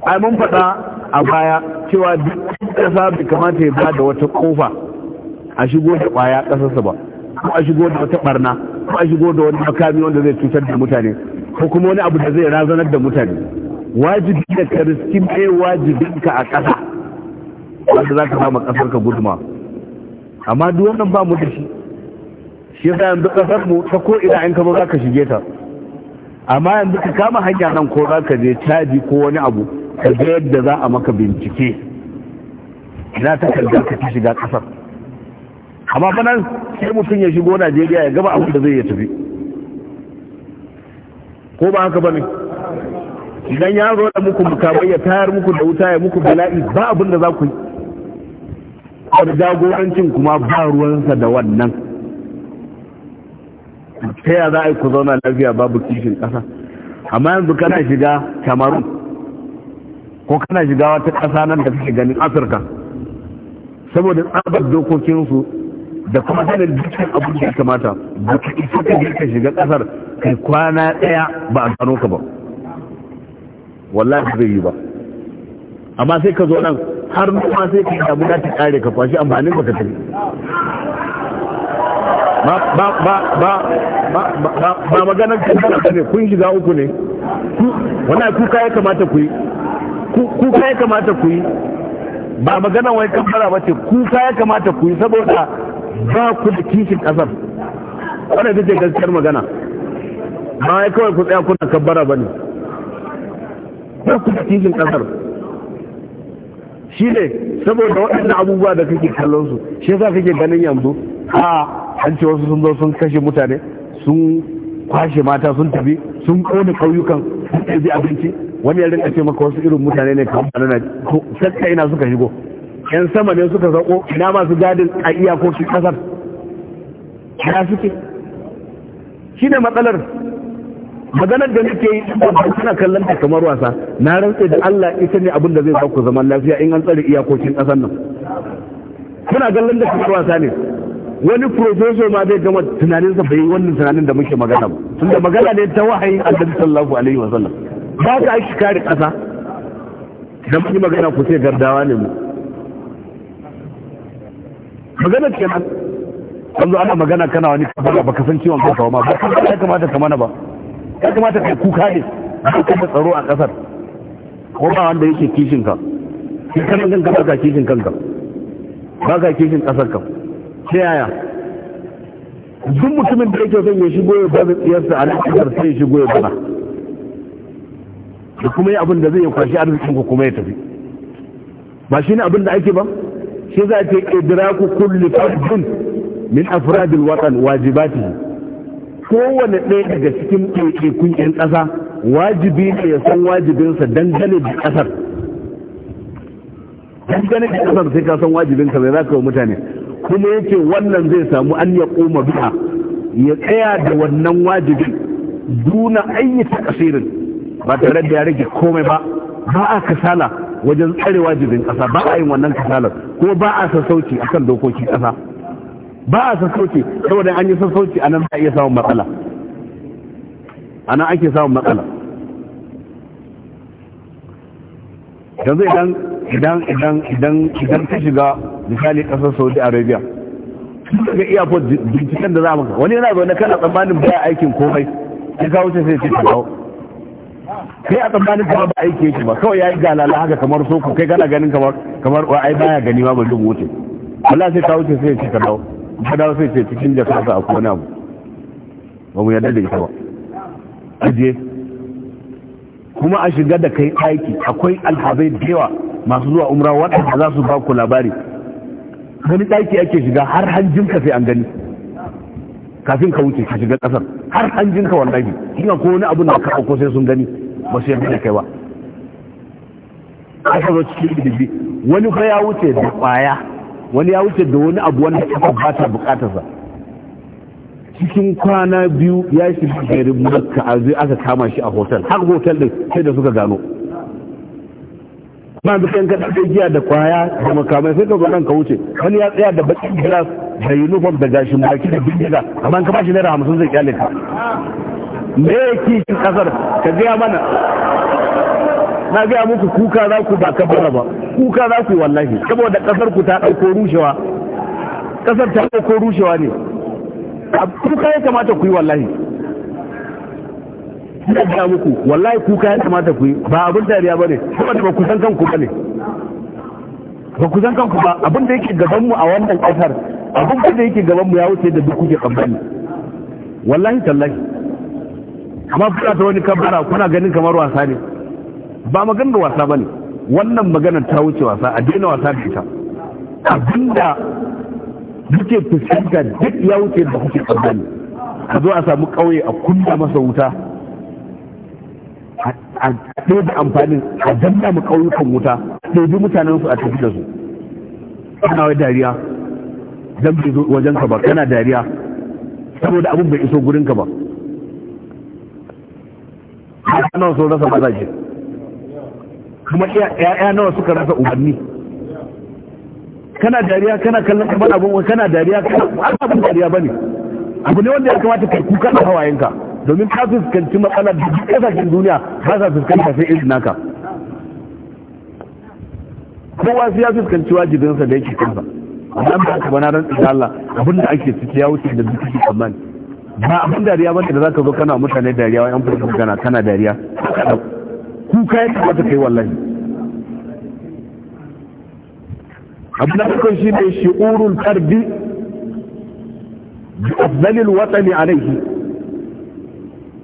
ai mun faɗa a baya cewa duk ƙasa bai kamata ya ba da wata ƙofa a shigo da ƙwaya ƙasarsa ba ko a shigo da wata ɓarna ko a shigo da wani makami wanda zai cutar da mutane ko kuma wani abu da zai razanar da mutane wajibi da ka riski mai wajibinka a ƙasa wanda za ka ba ma ƙasar ka guduma amma duk wannan ba mu da shi shi yasa yanzu ƙasar mu ta ko ina in ka za ka shige ta amma yanzu ka kama hanya nan ko za ka je caji ko wani abu ka ga yadda za a maka bincike ina takardar ka ta shiga kasar amma fa nan sai mutum ya shigo Najeriya ya gaba abin da zai ya tafi ko ba haka bane idan ya zo da muku mukamai ya tayar muku da wuta ya muku bala'i ba abin da za ku yi har jagorancin kuma ba ruwansa da wannan ta ya za a yi ku zauna lafiya babu kishin ƙasa amma yanzu kana shiga kamarun ko kana shiga wata ƙasa nan da suke ganin afirka saboda tsabar dokokinsu da kuma sanin dukkan abin da ya kamata ba ka isa ka je ka shiga ƙasar kai kwana ɗaya ba a gano ka ba wallahi zai yi ba amma sai ka zo nan har noma sai ka yi damuna ta kare ka kwashi amfanin ka tafi ba ba ba ba ba ba maganar kan kana ne kun shiga uku ne wannan kuka ya kamata ku yi kuka ya kamata ku yi ba magana wai kamfara ba ce kuka ya kamata ku yi saboda ba ku da kishin kasar wanda ta ce gaskiyar magana ba ya kawai ku tsaya kuna kabbara ba ne ba ku da kishin kasar shi ne saboda waɗannan abubuwa da kake kallon su shi yasa kake ganin yanzu a an ce wasu sun zo sun kashe mutane sun kwashe mata sun tafi sun ƙone ƙauyukan sun ɗabi abinci wani ya rinka ce maka wasu irin mutane ne kamar na sakka ina suka shigo yan sama ne suka zako ina masu gadin a iyakokin kasar ya suke shi ne matsalar maganar da nake yi suna kallon ta kamar wasa na rantse da Allah ita ne abin da zai sa ku zaman lafiya in an tsare iyakokin kasar nan kuna kallon da kamar wasa ne wani professor ma zai gama tunaninsa bai yi wannan tunanin da muke magana ba tunda magana ne ta wahayin Allah sallallahu alaihi sallam. ba ka aiki kare ƙasa da mun yi magana ku sai gardawa ne mu magana ke nan an zo ana magana kana wani kafara ba ka san ciwon kanka ma ba ya kamata ka mana ba ya kamata ka kuka ne ba ka da tsaro a ƙasar ko ba wanda yake kishin ka shi kana kanka ba ka kishin kanka ba ka kishin ƙasar ka Sai yaya duk mutumin da yake son ya shigo ya ba zai tsiyarsa a nan ƙasar sai ya shigo ya bana da kuma yi abin da zai kwashi arzikin ku kuma ya tafi ba shi ne abin da ake ba shi za a ce idraku kulli fardin min afradil watan wajibati kowane ɗaya daga cikin ɗaiɗaikun 'yan ƙasa wajibi ne ya san wajibinsa dangane da ƙasar dangane da ƙasar sai ka san wajibinka mai za ka mutane kuma yake wannan zai samu an ya koma biya ya tsaya da wannan wajibin duna ayyuka kasirin ba tare da ya rage komai ba ba a kasala wajen tsare wajibin kasa ba a yin wannan kasala ko ba a sassauci akan dokokin kasa ba a sassauci saboda an yi sassauci a nan za a iya samun matsala a nan ake samun matsala yanzu idan idan idan idan idan ka shiga misali kasar saudi arabia iya airport binciken da za maka wani yana zaune kana tsammanin baya aikin komai ya kawo ce sai ce ka kawo kai a tsammanin kamar ba aiki yake ba kawai ya yi galala haka kamar so ku kai kana ganin kamar kamar wa ai baya gani ma ba dubu wuce Allah sai ka wuce sai ya ce ka dawo ka dawo sai ce cikin jakar sa akwai wani abu ba mu yarda da ita ba aje kuma a shiga da kai aiki akwai alhazai da yawa masu zuwa umra waɗanda za su ba ku labari wani ɗaki ake shiga har hanjinka sai an gani kafin ka wuce ka shiga ƙasar har hanjinka wallahi kina ko wani abu na ka ko sai sun gani ba su yarda kai ba aka zo cikin ilimi wani fa ya wuce da kwaya wani ya wuce da wani abu wanda aka ba ta bukatarsa cikin kwana biyu ya shi a zai aka kama shi a hotel har hotel din sai da suka gano ba duk yanka da giya da kwaya da makamai sai ka zo nan ka wuce wani ya tsaya da bakin glass da uniform da gashin baki da bindiga amma ka ba shi naira hamsin zai kyale ka me ya kishin kasar ka gaya mana na gaya muku kuka za ku ba bara ba kuka za ku wallahi saboda kasar ku ta ɗauko rushewa kasar ta dauko rushewa ne kuka ya kamata ku yi wallahi ina gaya muku wallahi kuka ya kamata ku yi ba abin dariya ba ne saboda ba ku san kanku ba ne ba ku san kanku ba abin da yake mu a wannan kasar abin da yake mu ya wuce da duk kuke kamfani wallahi tallahi amma kuna ta wani kabara kuna ganin kamar wasa ne ba maganar wasa ba ne wannan maganar ta wuce wasa a daina wasa da ita abinda duke fuskanta duk ya wuce da kuke tsammani a zo a samu ƙauye a kunna masa wuta a ɗaya da amfanin a danna mu ƙauyukan wuta ɗaiɗi mutanen su a tafi da su kana wai dariya dan bai zo wajen ka ba kana dariya saboda abin bai iso gurin ka ba ya'ya nawa sun rasa mazaje kuma ya'ya nawa suka rasa umarni kana dariya kana kallon kamar abin kana dariya kana abin dariya bane abu ne wanda ya kamata ka kuka da hawayenka domin ka fuskanci matsalar da duk kasashen duniya ba sa fuskanta sai irin naka kowa sai ya fuskanci wajibinsa da yake kansa amma ba ka bana ran Allah abin da ake ciki ya wuce da duk tsammani ba abin dariya ba da za ka zo kana mutane dariya wa yan fuska gana kana dariya kuka kuma ta kai wallahi abu na farko shi ne shi'urul tarbi bi afdalil watani alaihi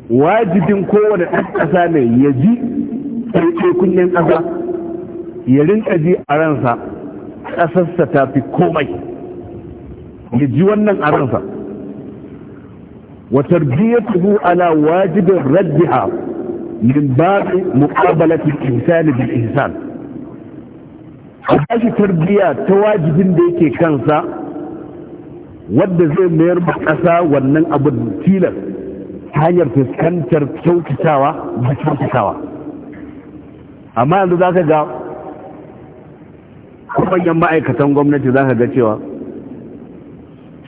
wajibin kowane ɗan ƙasa ne ya ji ƙarfe kunnen ƙasa ya rinka ji a ransa ƙasarsa ta fi komai ya ji wannan a ransa wa tarbiyatuhu ala wajibin raddiha min babi muqabalati ihsan bil ihsan a bashi tarbiya ta wajibin da yake kansa wadda zai mayar ma ƙasa wannan abin tilas hanyar fuskantar kyautatawa da kyautatawa amma yanzu za ka ga manyan ma'aikatan gwamnati za ka ga cewa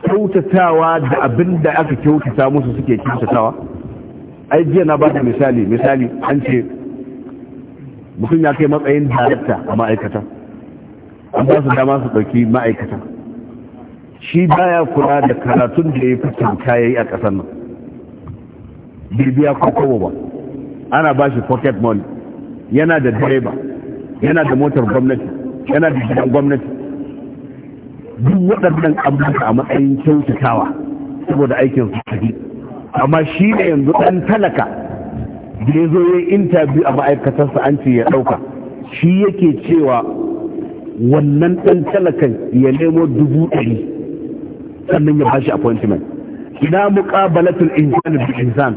kyautatawa da abin da aka kyautata musu suke kyautatawa ai jiya na ba da misali misali an ce mutum ya kai matsayin darakta a ma'aikata an ba su dama su ɗauki ma'aikata shi baya kula da karatun da ya fi kyauta ya yi a ƙasar nan bibiya ko kowa ba ana ba shi pocket money yana da direba yana da motar gwamnati yana da gidan gwamnati duk waɗannan abubuwa a matsayin kyautatawa saboda aikin su tafi amma shi ne yanzu ɗan talaka da ya zo ya yi intabiyu a ma'aikatarsa an ce ya ɗauka shi yake cewa wannan ɗan talakan ya nemo dubu ɗari sannan ya bashi appointment ina muƙabalatul insani bil insan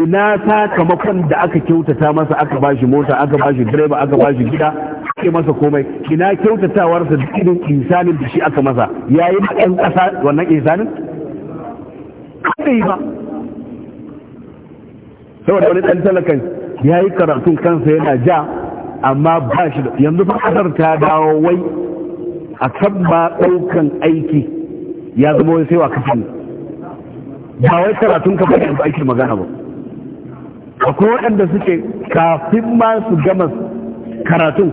ina sakamakon da aka kyautata masa aka bashi mota aka bashi direba aka bashi gida ke masa komai ina kyautatawarsa da irin insanin da shi aka masa yayi ɗan ƙasa wannan insanin kada yi ba saboda wani ɗan talakan ya yi karatun kansa yana ja amma ba shi da yanzu fa ƙasar ta dawo wai a kan ba ɗaukan aiki ya zama wai sai wa kafin ba wai karatun ka bane yanzu ake magana ba akwai waɗanda suke kafin ma su gama karatun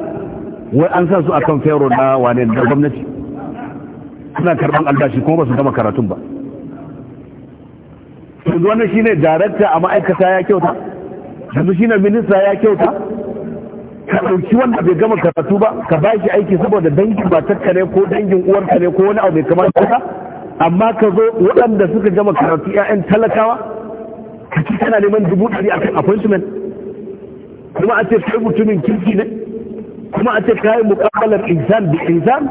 wai an sa su a kan fero na wane da gwamnati suna karban albashi kuma ba su gama karatun ba yanzu wannan shine darakta a ma'aikata ya kyauta yanzu shine minista ya kyauta ka ɗauki wanda bai gama karatu ba ka ba shi aiki saboda dangin matarka ne ko dangin uwarka ne ko wani abu mai kamar ka amma ka zo waɗanda suka gama karatu 'ya'yan talakawa ka ci kana neman dubu ɗari akan appointment kuma a ce kai mutumin kirki ne kuma a ce ka yi insan da insan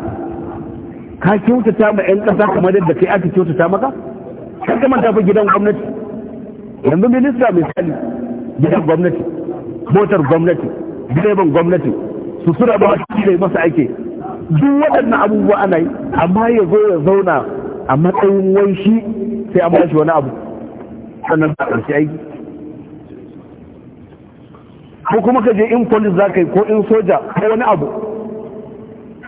ka kyautata ma 'yan kasa kamar yadda kai aka kyautata maka kan kamar tafi gidan gwamnati yanzu minista misali gidan gwamnati motar gwamnati direban gwamnati su suna ba shi ne masa ake duk waɗannan abubuwa ana yi amma ya zo ya zauna a matsayin wanshi sai an bashi wani abu sannan a ƙarshe aiki ko kuma ka je in polis za ka yi ko in soja ko wani abu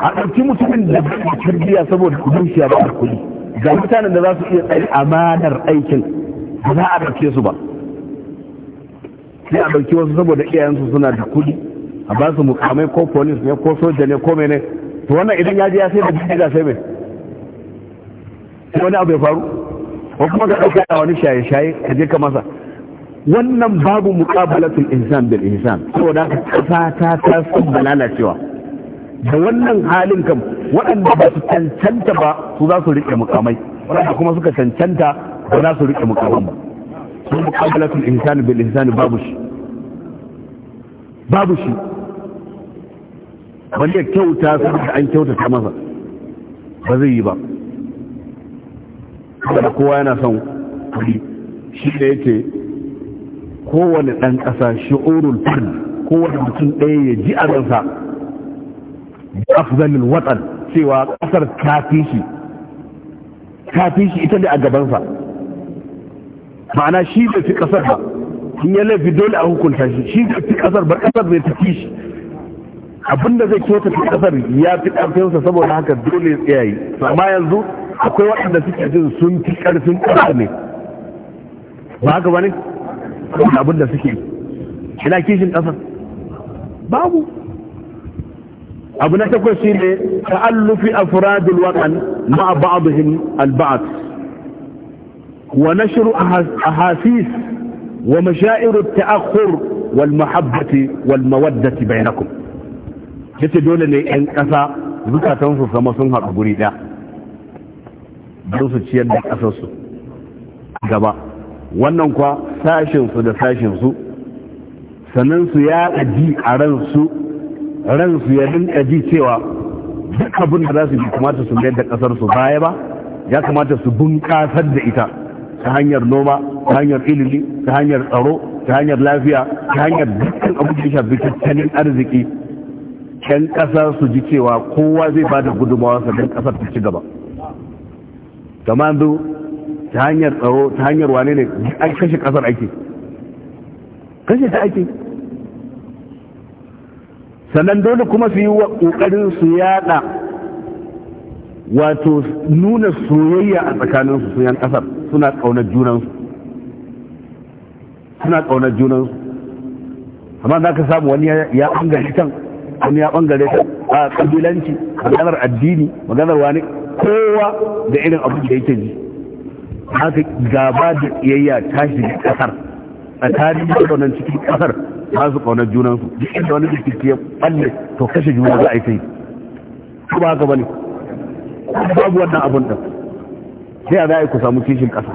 a ɗauki mutumin da ba a tarbiyya saboda kudunciya ba a kuli ga mutanen da za su iya tsari amanar aikin ba za a ɗauke su ba sai a ɗauki wasu saboda iyayensu suna da kudi a ba su mukamai ko polis ne ko soja ne ko mene to wannan idan ya je ya sai da bidda sai mai wani abu ya faru ko kuma ka ɗauka wani shaye-shaye ka je ka masa wannan babu muqabalatul insan bil insan saboda kasa ta ta san lalacewa da wannan halin kam waɗanda ba su cancanta ba su za su rike mukamai waɗanda kuma suka cancanta ba za su rike mukamai ba su muqabalatul insan bil insan babu shi babu shi wanda kyauta su da an kyauta ta masa ba zai yi ba saboda kowa yana son kuɗi shi da yake kowane ɗan ƙasa shi'urul fard kowane mutum ɗaya ya ji a ransa afzalil watan cewa ƙasar ta fi shi ta fi shi ita ne a gabansa ma'ana shi bai fi ƙasar ba in ya laifi dole a hukunta shi shi bai fi ƙasar ba ƙasar bai ta fi shi abinda zai kyauta fi ƙasar ya fi ƙarfinsa saboda haka dole ya tsayayi amma yanzu akwai waɗanda suke jin sun fi ƙarfin ƙasar ne ba haka ba ne abin da suke ina kishin ƙasa babu abu na takwas shi ne ta'allufi afradul waƙan ma'a ba'dihim al-ba'd wa nashru ahafis wa mashaa'ir at-ta'akhur wal mahabbati wal mawaddati bainakum yace dole ne ƴan ƙasa zukatan su sama sun haɗu guri ɗaya don su ciyar da ƙasarsu gaba wannan kwa sashinsu da sashinsu sannan su ya aji a ransu ransu ya dinka ji cewa duk abin da za su ji kamata su mayar da ƙasarsu baya ba ya kamata su bunƙasar da ita ta hanyar noma ta hanyar ilimi ta hanyar tsaro ta hanyar lafiya ta hanyar dukkan abin da shafi tattalin arziki yan ƙasa su ji cewa kowa zai ba da sa don ƙasar ta ci gaba. Kamando ta hanyar tsaro ta hanyar wane ne an kashe kasar ake kashe ta ake sannan dole kuma su yi kokarin su yada wato nuna soyayya a tsakaninsu su yan kasar suna kaunar junansu suna kaunar junansu amma za ka samu wani ya bangare kan wani ya bangare kan a kabilanci maganar addini maganar wani kowa da irin abin da yake ji haka gaba da iyayya ta shiga kasar a tarihin wannan cikin kasar za su kaunar junansu duk inda wani jiki ya balle to kashe juna za a yi ta yi ko ba haka bane babu wannan abun din sai a za a yi ku samu kishin kasa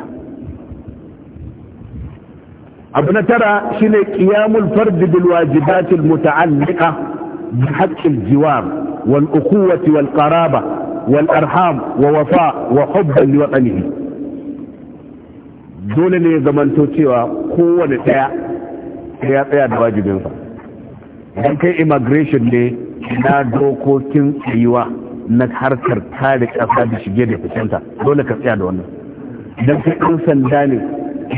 abu na tara shine qiyamul fard bil wajibatil muta'alliqa bi haqqil jiwar wal uquwati wal qaraba wal arham wa wafa wa hubban li watanihi dole ne zamanto cewa kowane ɗaya ya tsaya da wajibinsa don kai immigration ne na dokokin tsayuwa na harkar kare ƙasa da shige da fitinta dole ka tsaya da wannan don kai ɗan sanda ne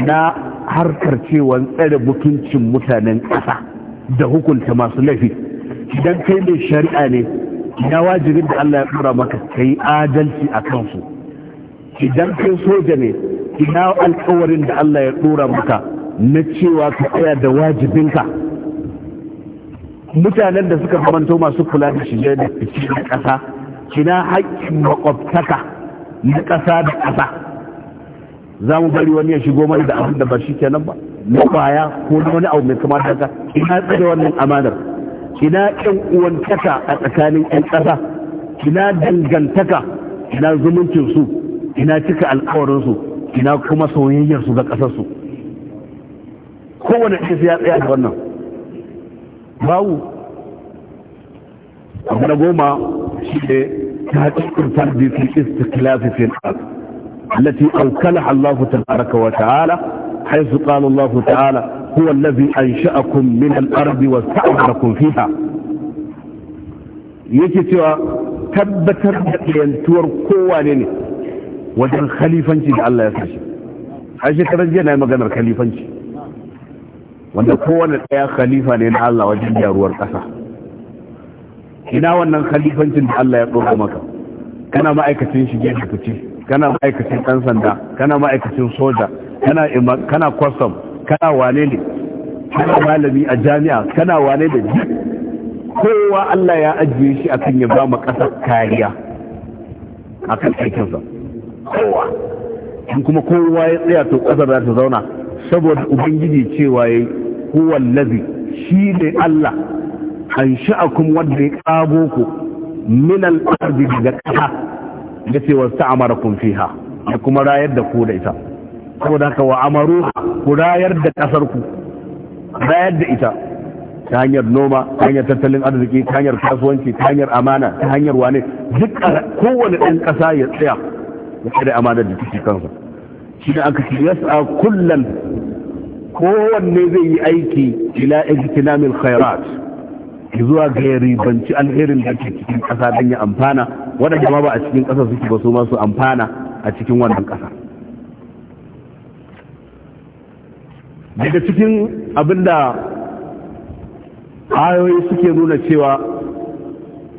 na harkar cewa tsare bukincin mutanen ƙasa da hukunta masu laifi don kai mai shari'a ne na wajibin da Allah ya ɗora maka kai adalci a kansu idan kai soja ne ina alkawarin da Allah ya dora maka na cewa ka tsaya da wajibinka mutanen da suka zamanto masu kula da shige da fice na ƙasa kina haƙƙin makwabtaka na ƙasa da ƙasa za mu bari wani ya shigo mai da abin da ba shi kenan ba na baya ko na wani abu mai kama da ina tsaye wannan amanar Kina ƴan uwantaka a tsakanin ƴan ƙasa Kina dangantaka ina zumuncin su ina cika alkawarinsu ina kuma soyayyarsu ga ƙasarsu kowane ɗin ya tsaya da wannan bawu abu na goma shi ne ta cikin tarbi fi istiklasi fi al'ad allati alkala Allah ta'ala wa ta'ala haizu ƙalu Allah ta'ala huwa allazi an sha'akun min al'arbi wa sa'abarakun fiha yake cewa tabbatar da ɗiyantuwar kowane ne wajen khalifanci da Allah ya sashi a shekarar jiya na yi maganar khalifanci wanda kowane ɗaya khalifa ne na Allah wajen gyaruwar ƙasa ina wannan khalifancin da Allah ya ɗora maka kana ma'aikacin shige da fice kana ma'aikacin ɗan sanda kana ma'aikacin soja kana kana kwastam kana wane ne kana malami a jami'a kana wane da kowa Allah ya ajiye shi akan ya ba mu ƙasa kariya akan aikinsa kowa in kuma kowa ya tsaya to ƙasar za ta zauna saboda ubangiji cewa ya huwa lazi shi ne Allah an kuma wanda ya kago ku minan ƙarfi kasa daga ƙasa ya ce kun fi ha ya kuma rayar da ku da ita saboda haka wa amaru ku rayar da ƙasar ku rayar da ita ta hanyar noma ta hanyar tattalin arziki ta hanyar kasuwanci ta hanyar amana ta hanyar wane duk kowane ɗan ƙasa ya tsaya ya tsare amanar da take kansa shi da aka ce yasa kullum kowanne zai yi aiki ila ijtinamil khairat zuwa ga ya ribanci alherin da ke cikin ƙasa don ya amfana waɗanda ma ba a cikin kasa suke ba su amfana a cikin wannan kasa daga cikin abinda da ayoyi suke nuna cewa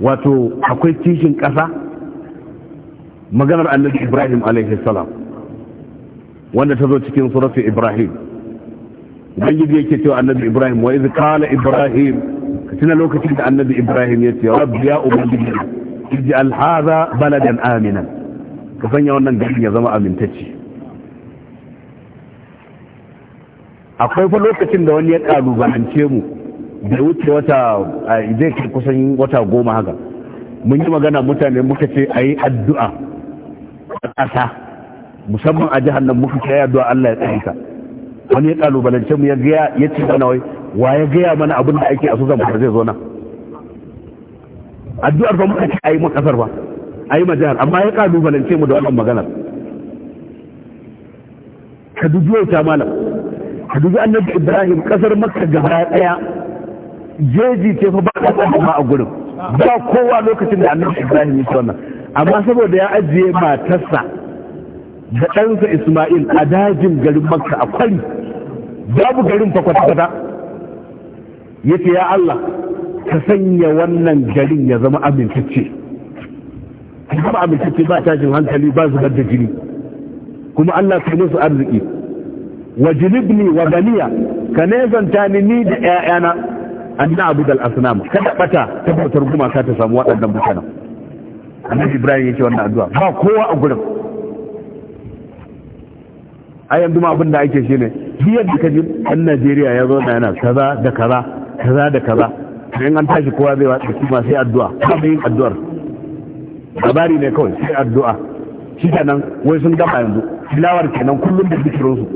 wato akwai cikin ƙasa maganar annabi ibrahim alaihi salam wanda ta zo cikin suratu ibrahim ubangiji yake cewa annabi ibrahim wa iz qala ibrahim tuna lokacin da annabi ibrahim ya ce rabbi ya ubangiji Iji hadha baladan aminan ka sanya wannan gari ya zama amintacce akwai fa lokacin da wani ya kalubalance mu da wuce wata zai kusan wata goma haka mun yi magana mutane muka ce a yi addu'a ƙasa musamman a jihar nan muka kaya addu'a Allah ya tsare ka wani ya kalubalance mu ya gaya ya ci mana wai wa ya gaya mana abin da ake a suzan ba zai zo nan addu'ar ba muka ce ayi mu kasar ba ayi ma jihar amma ya ƙalubalance mu da wannan maganar ka dubi ta malam ka dubi annabi ibrahim kasar makka gaba daya jeji ce fa ba ba a gurin ba kowa lokacin da annabi ibrahim ya wannan amma saboda ya ajiye matarsa da ɗansa Ismail a dajin garin Makka a kwari babu garin fa kwata-kwata yace ya Allah ka sanya wannan garin ya zama amintacce zama amintacce ba tashin hankali ba zubar da jini kuma Allah ka musu arziki wa jinibni wa baniya ka ni ni da 'ya'yana an na abu da al'asunama kada bata tabbatar gumaka ta samu waɗannan mutanen annabi ibrahim yake wannan addu'a ba kowa a gurin a yanzu ma abin da ake shi ne biyar da kaji ɗan najeriya ya zo na yana kaza da kaza kaza da kaza in an tashi kowa zai wata shi ma sai addu'a ba yin addu'ar labari ne kawai sai addu'a shi kenan wai sun gama yanzu tilawar kenan kullum da zikirinsu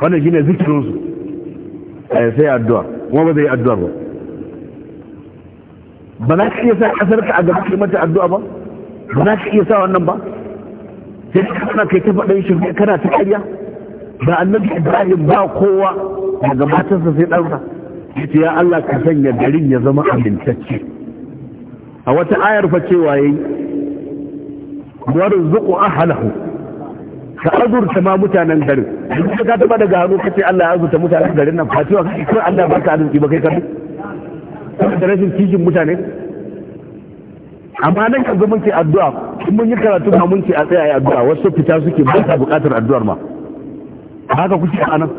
wannan shine zikirinsu eh, sai addu'a kuma ba zai addu'ar ba ba za ka iya sa ƙasar ka a gaba kai mata addu'a ba ba za ka iya sa wannan ba sai ka kana kai ta faɗin shirme kana ta ƙarya ba annabi ibrahim ba kowa daga matarsa sai ɗansa yace ya Allah ka sanya garin ya zama amintacce a wata ayar fa cewa yayi warzuqu ahlahu ka azurta ma mutanen garin duk ka taba daga hannu kace Allah ya azurta mutanen garin nan fatiwa kai Allah baka arziki ba kai kadai da rashin kishin mutane amma nan ka zama ke addu'a in mun yi karatu ma mun ce a tsaya addu'a wasu fita suke ba ta buƙatar addu'ar ma haka kuke a nan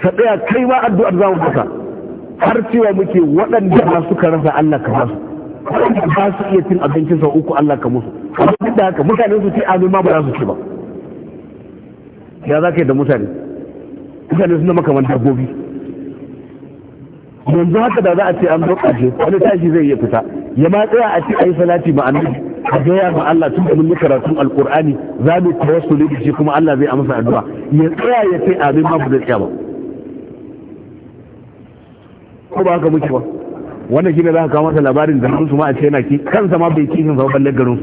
ka tsaya kai ma addu'ar za mu maka har cewa muke waɗanda ba suka rasa Allah ka basu waɗanda ba su iya cin abincin sau uku Allah ka musu amma duk da haka mutane su ce amin ma ba za su ce ba ya za ka yi da mutane mutane suna makamantar gobe yanzu haka da za a ce an roƙa shi wani tashi zai iya fita ya ma tsaya a ce ayi salati ma annabi a gaya ma Allah tun da mun yi karatun Alƙur'ani za mu tawassuli da shi kuma Allah zai amsa addu'a ya tsaya ya ce amin ma zai tsaya ba ko ba haka muke ba wannan shine za ka kawo masa labarin da su ma a ce yana ki kansa ma bai kishin sa balle garin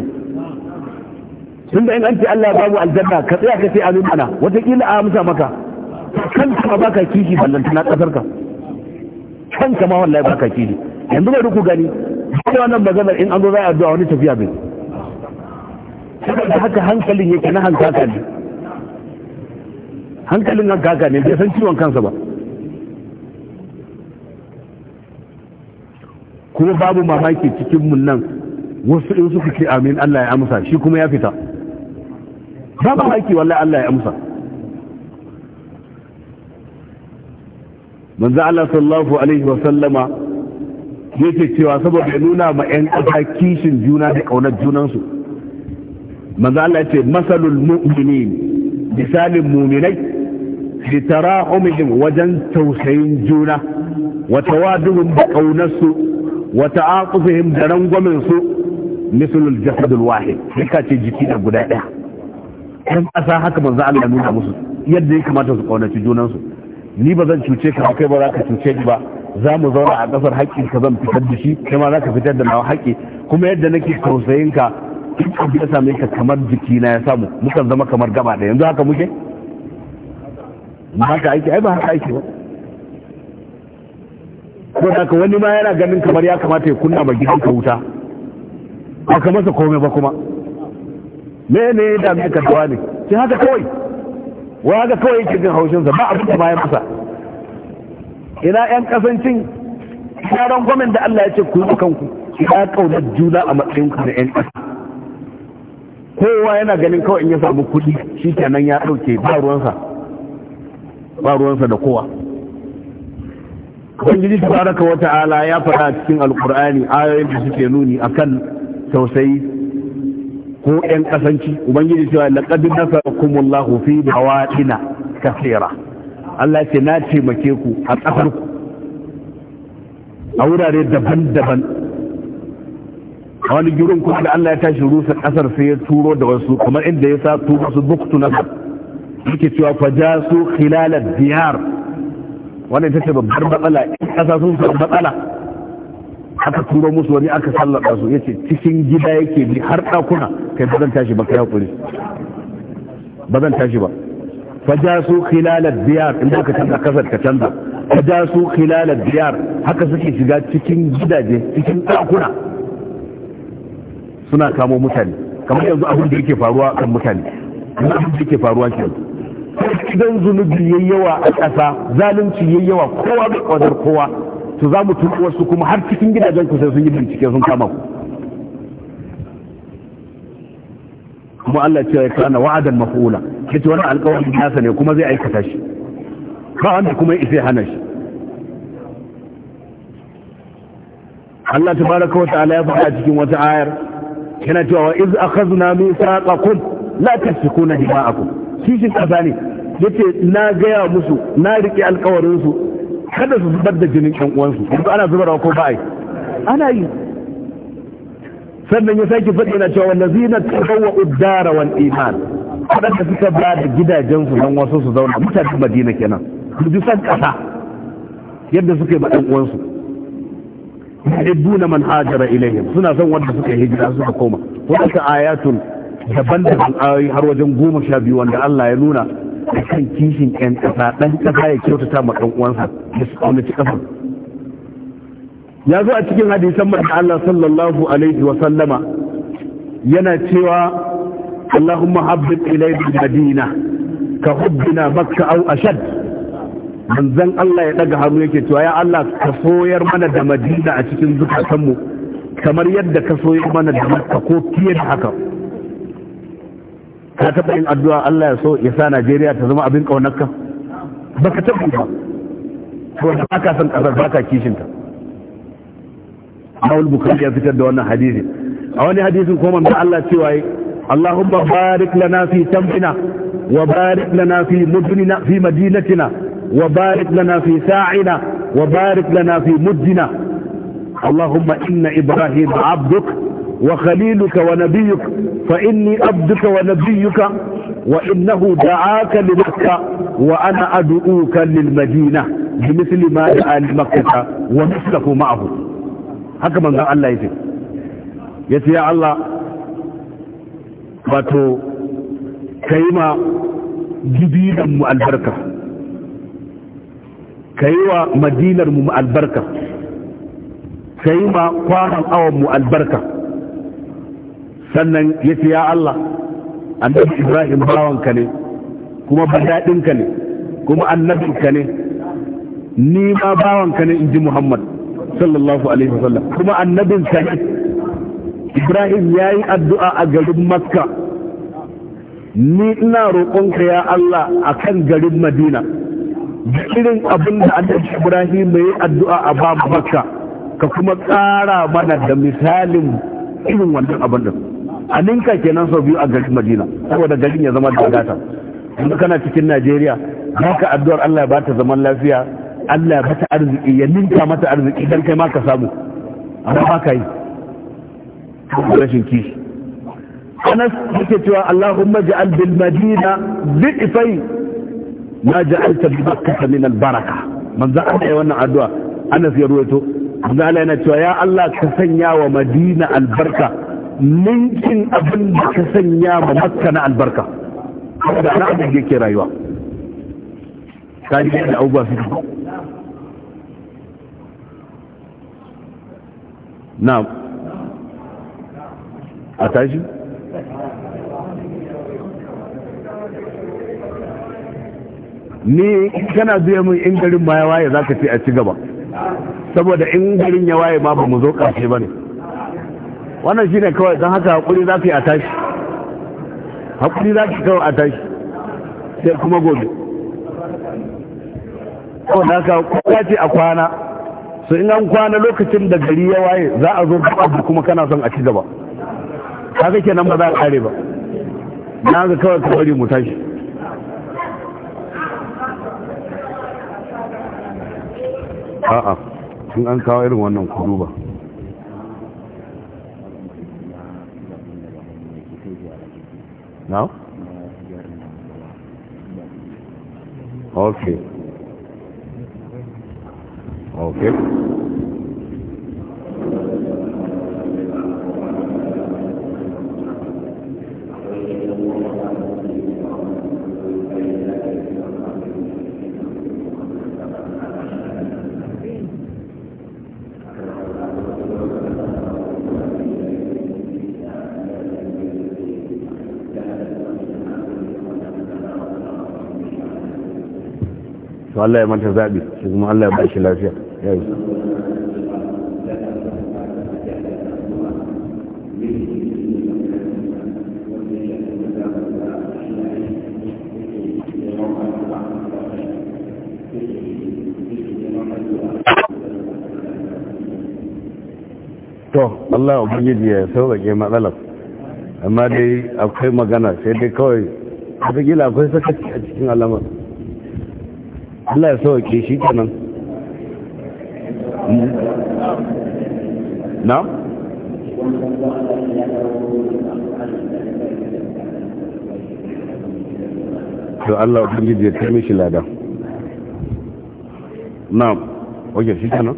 su tun da in an ce Allah babu aljanna ka tsaya ka ce amin ana wataƙila a amsa maka kanka ma baka kishi ballantana ƙasar ka kanka ma wallahi baka kidi yanzu bai ku gani da wannan maganar in an zo za a zuwa wani tafiya bai saboda haka hankalin yake na hankaka ne hankalin hankaka ne bai san ciwon kansa ba kuma babu mamaki cikin mun nan wasu in suka ce amin Allah ya amsa shi kuma ya fita babu mamaki wallahi Allah ya amsa manzo Allah sallallahu alaihi wa sallama yake cewa saboda nuna ma yan ƙasa kishin juna da ƙaunar junansu manzo Allah yace masalul mu'minin misalin mu'minai fi tarahumihim wajen tausayin juna wa tawaduhum da ƙaunarsu wa ta'aqufihim da rangwamin su misalul jasadul wahid duka ce jiki da guda ɗaya yan ƙasa haka manzo Allah nuna musu yadda ya kamata su ƙaunaci junansu ni ba zan cuce ka kai ba za ka cuce ni ba za mu zauna a ƙasar haƙƙin ka zan fitar da shi kai ma za ka fitar da nawa haƙƙi kuma yadda nake tausayin ka in abu ya same ka kamar jiki na ya samu mukan zama kamar gaba da yanzu haka muke ba haka aiki ai ba haka aiki ba ko da ka wani ma yana ganin kamar ya kamata ya kunna ma gidan ka wuta ba ka masa komai ba kuma me ne ka dawa ne sai haka kawai wa kawai yake jin haushinsa ba abin da ma masa ina yan kasancin yaran gwamnan da Allah ya ce ku yi kanku ya kaunar juna a matsayin ku da yan kasa kowa yana ganin kawai in ya samu kuɗi shi kenan ya ɗauke ba ruwansa ba ruwansa da kowa ubangiji tabaraka wata ala ya faɗa cikin alkur'ani ayoyin da suke nuni akan tausayi ko ɗan ƙasanci ubangiji cewa laqad nasarakumullahu fi bawadina kaseera Allah ce na taimake ku a ƙasar ku a wurare daban-daban a wani girin kuma da Allah ya tashi rusa ƙasar sai ya turo da wasu kamar inda ya sa turo su buktu nasar yake cewa faja su khilalar diyar wannan ita ce babbar matsala in ƙasa sun samu matsala aka turo musu wani aka sallaka su yace cikin gida yake bi har dakuna kai ba zan tashi ba kai hakuri ba zan tashi ba fajasu khilalad diyar inda ka canza kasar ka canza fajasu khilalad diyar haka suke shiga cikin gidaje cikin dakuna suna kamo mutane kamar yanzu abin da yake faruwa kan mutane yanzu abin da yake faruwa ke idan zunubi yayi yawa a ƙasa zalunci yayi yawa kowa ga kwadar kowa to za mu tuɓo wasu kuma har cikin gidajen ku sai sun yi bincike sun kama ku kuma Allah ce ya kana wa'adan mafula kace wannan alƙawarin nasa ne kuma zai aikata shi ba wanda kuma ya hana shi Allah tabaraka wa ta'ala ya faɗa cikin wata ayar yana cewa wa iz akhadna mithaqakum la tasfikuna dima'akum kishin kasa ne yace na gaya musu na rike alƙawarin su kada su zubar da jinin ɗan uwansu yanzu ana zubarwa ko ba ana yi sannan ya sake faɗi na cewa wallazina tabawwa uddara wal iman waɗanda suka ba da gidajensu don wasu su zauna mutanen madina kenan su ji san ƙasa yadda suka yi ba ɗan uwansu yuhibbuna man hajara ilaihim suna son wanda suka hijira suka koma wadannan ayatun daban-daban ayoyi har wajen goma sha biyu wanda Allah ya nuna Akan kan kishin yan ƙasa ɗan ƙasa ya kyautata ma ɗan uwansa da su ci ƙasa ya zo a cikin hadisan manzo Allah sallallahu alaihi wa sallama yana cewa اللهم حبب إلينا المدينة au مكة أو أشد manzon Allah ya ɗaga hannu yake cewa ya Allah ka soyar mana da Madina a cikin zukatanmu kamar yadda ka soyar mana da Makka ko fiye da haka ka taɓa yin addu'a Allah ya so ya sa Najeriya ta zama abin ƙaunarka ba ka taɓa ba wanda ba ka san ƙasar ba ka ta. Mawul Bukhari ya fitar da wannan hadisi a wani hadisin ko manzo Allah cewa yi Allahumma barik lana fi tamfina wa barik lana fi mudnina fi madinatina wa barik lana fi sa'ina wa barik lana fi muddina Allahumma inna Ibrahim abduk وخليلك ونبيك فإني عبدك ونبيك وإنه دعاك لمكة وأنا أدعوك للمدينة بمثل ما دعا لمكة ومثله معه هكذا من الله يتي يتي يا الله wato ka yi ma mu albarka ka yi wa madinarmu albarka ka yi ma kwanan awonmu albarka sannan ya ce ya Allah annabi Ibrahim bawanka ne kuma badaɗinka ne kuma annabinka ne ni ma bawanka ne in ji Muhammad sallallahu alaihi wasallam kuma annabinka ne Ibrahim ya yi addu'a a garin Makka ni ina roƙonka ya Allah a kan garin Madina irin abin da annabi Ibrahim mai yi addu'a a babu Makka ka kuma ƙara mana da misalin irin wannan abin da a ninka kenan sau biyu a garin madina saboda garin ya zama da gata yanzu kana cikin najeriya haka addu'ar allah ba ta zaman lafiya allah ya bata arziki ya ninka mata arziki dan kai ma ka samu amma ba ka yi rashin kishi anas yake cewa allahumma ja'al bil madina dhifai ma ja'alta bi makkah min al baraka manzo Allah ya wannan addu'a anas ya ruwaito manzo Allah yana cewa ya allah ka sanya wa madina albarka ninkin abin da ka sanya ma makka na albarka da na abin da yake rayuwa kari da abubuwa su na a tashi ni kana zuwa mai in garin ma ya waye za ka ce a ci gaba saboda in garin ya waye ma ba mu zo ƙarshe ba ne wannan shine kawai don haka hakuri za ka yi a tashi hakuri za ka kawai a tashi sai kuma gobe kawai da haka kowa ce a kwana su in an kwana lokacin da gari ya waye za a zo abu kuma kana son a ci gaba haka kenan ba za a kare ba na ga kawai ka bari mu tashi a'a sun an kawo irin wannan kudu ba now okay okay Allah ya manta zaɓi? shi kuma Allah ya bashi lafiya ya yi to Allah ya ubangiji ya sauƙaƙe matsalar amma dai akwai magana sai dai kawai wataƙila akwai sakaci a cikin alamar Allah ya sauke shi kenan na? to Allah ubangiji ya kai mishi lada na wajen shi kenan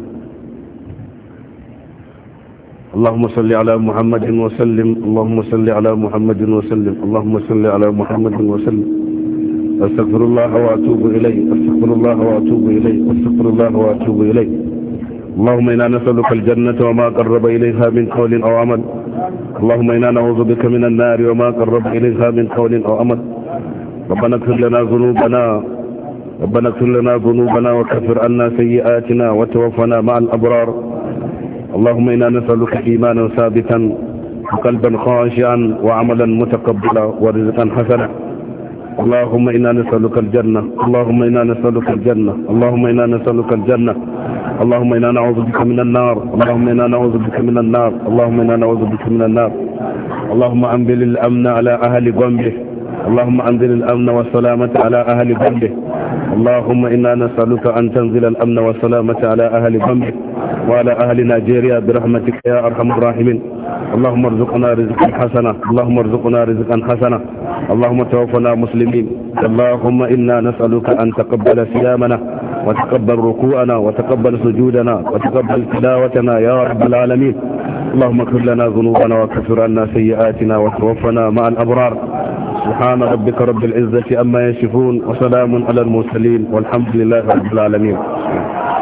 اللهم صل على محمد وسلم اللهم صل على محمد وسلم اللهم صل على محمد وسلم أستغفر الله وأتوب إليه أستغفر الله وأتوب إليه أستغفر الله وأتوب إليه اللهم إنا نسألك الجنة وما قرب إليها من قول أو عمل اللهم إنا نعوذ بك من النار وما قرب إليها من قول أو عمل ربنا اغفر لنا ذنوبنا ربنا اغفر لنا ذنوبنا وكفر عنا سيئاتنا وتوفنا مع الأبرار اللهم إنا نسألك إيمانا ثابتا وقلبا خاشعا وعملا متقبلا ورزقا حسنا اللهم إنا نسألك الجنة اللهم إنا نسألك الجنة اللهم إنا نسألك الجنة اللهم إنا نعوذ بك من النار اللهم إنا نعوذ بك من النار اللهم إنا نعوذ بك من النار اللهم أنزل الأمن على أهل قنبه اللهم أنزل الأمن والسلامة على أهل قنبه اللهم إنا نسألك أن تنزل الأمن والسلامة على أهل قنبه وعلى أهل نيجيريا برحمتك يا أرحم الراحمين اللهم ارزقنا رزقا حسنا اللهم ارزقنا رزقا حسنا اللهم توفنا مسلمين اللهم إنا نسألك أن تقبل صيامنا وتقبل ركوعنا وتقبل سجودنا وتقبل تلاوتنا يا رب العالمين اللهم اغفر لنا ذنوبنا وكفر عنا سيئاتنا وتوفنا مع الأبرار سبحان ربك رب العزة أما يشفون وسلام على المرسلين والحمد لله رب العالمين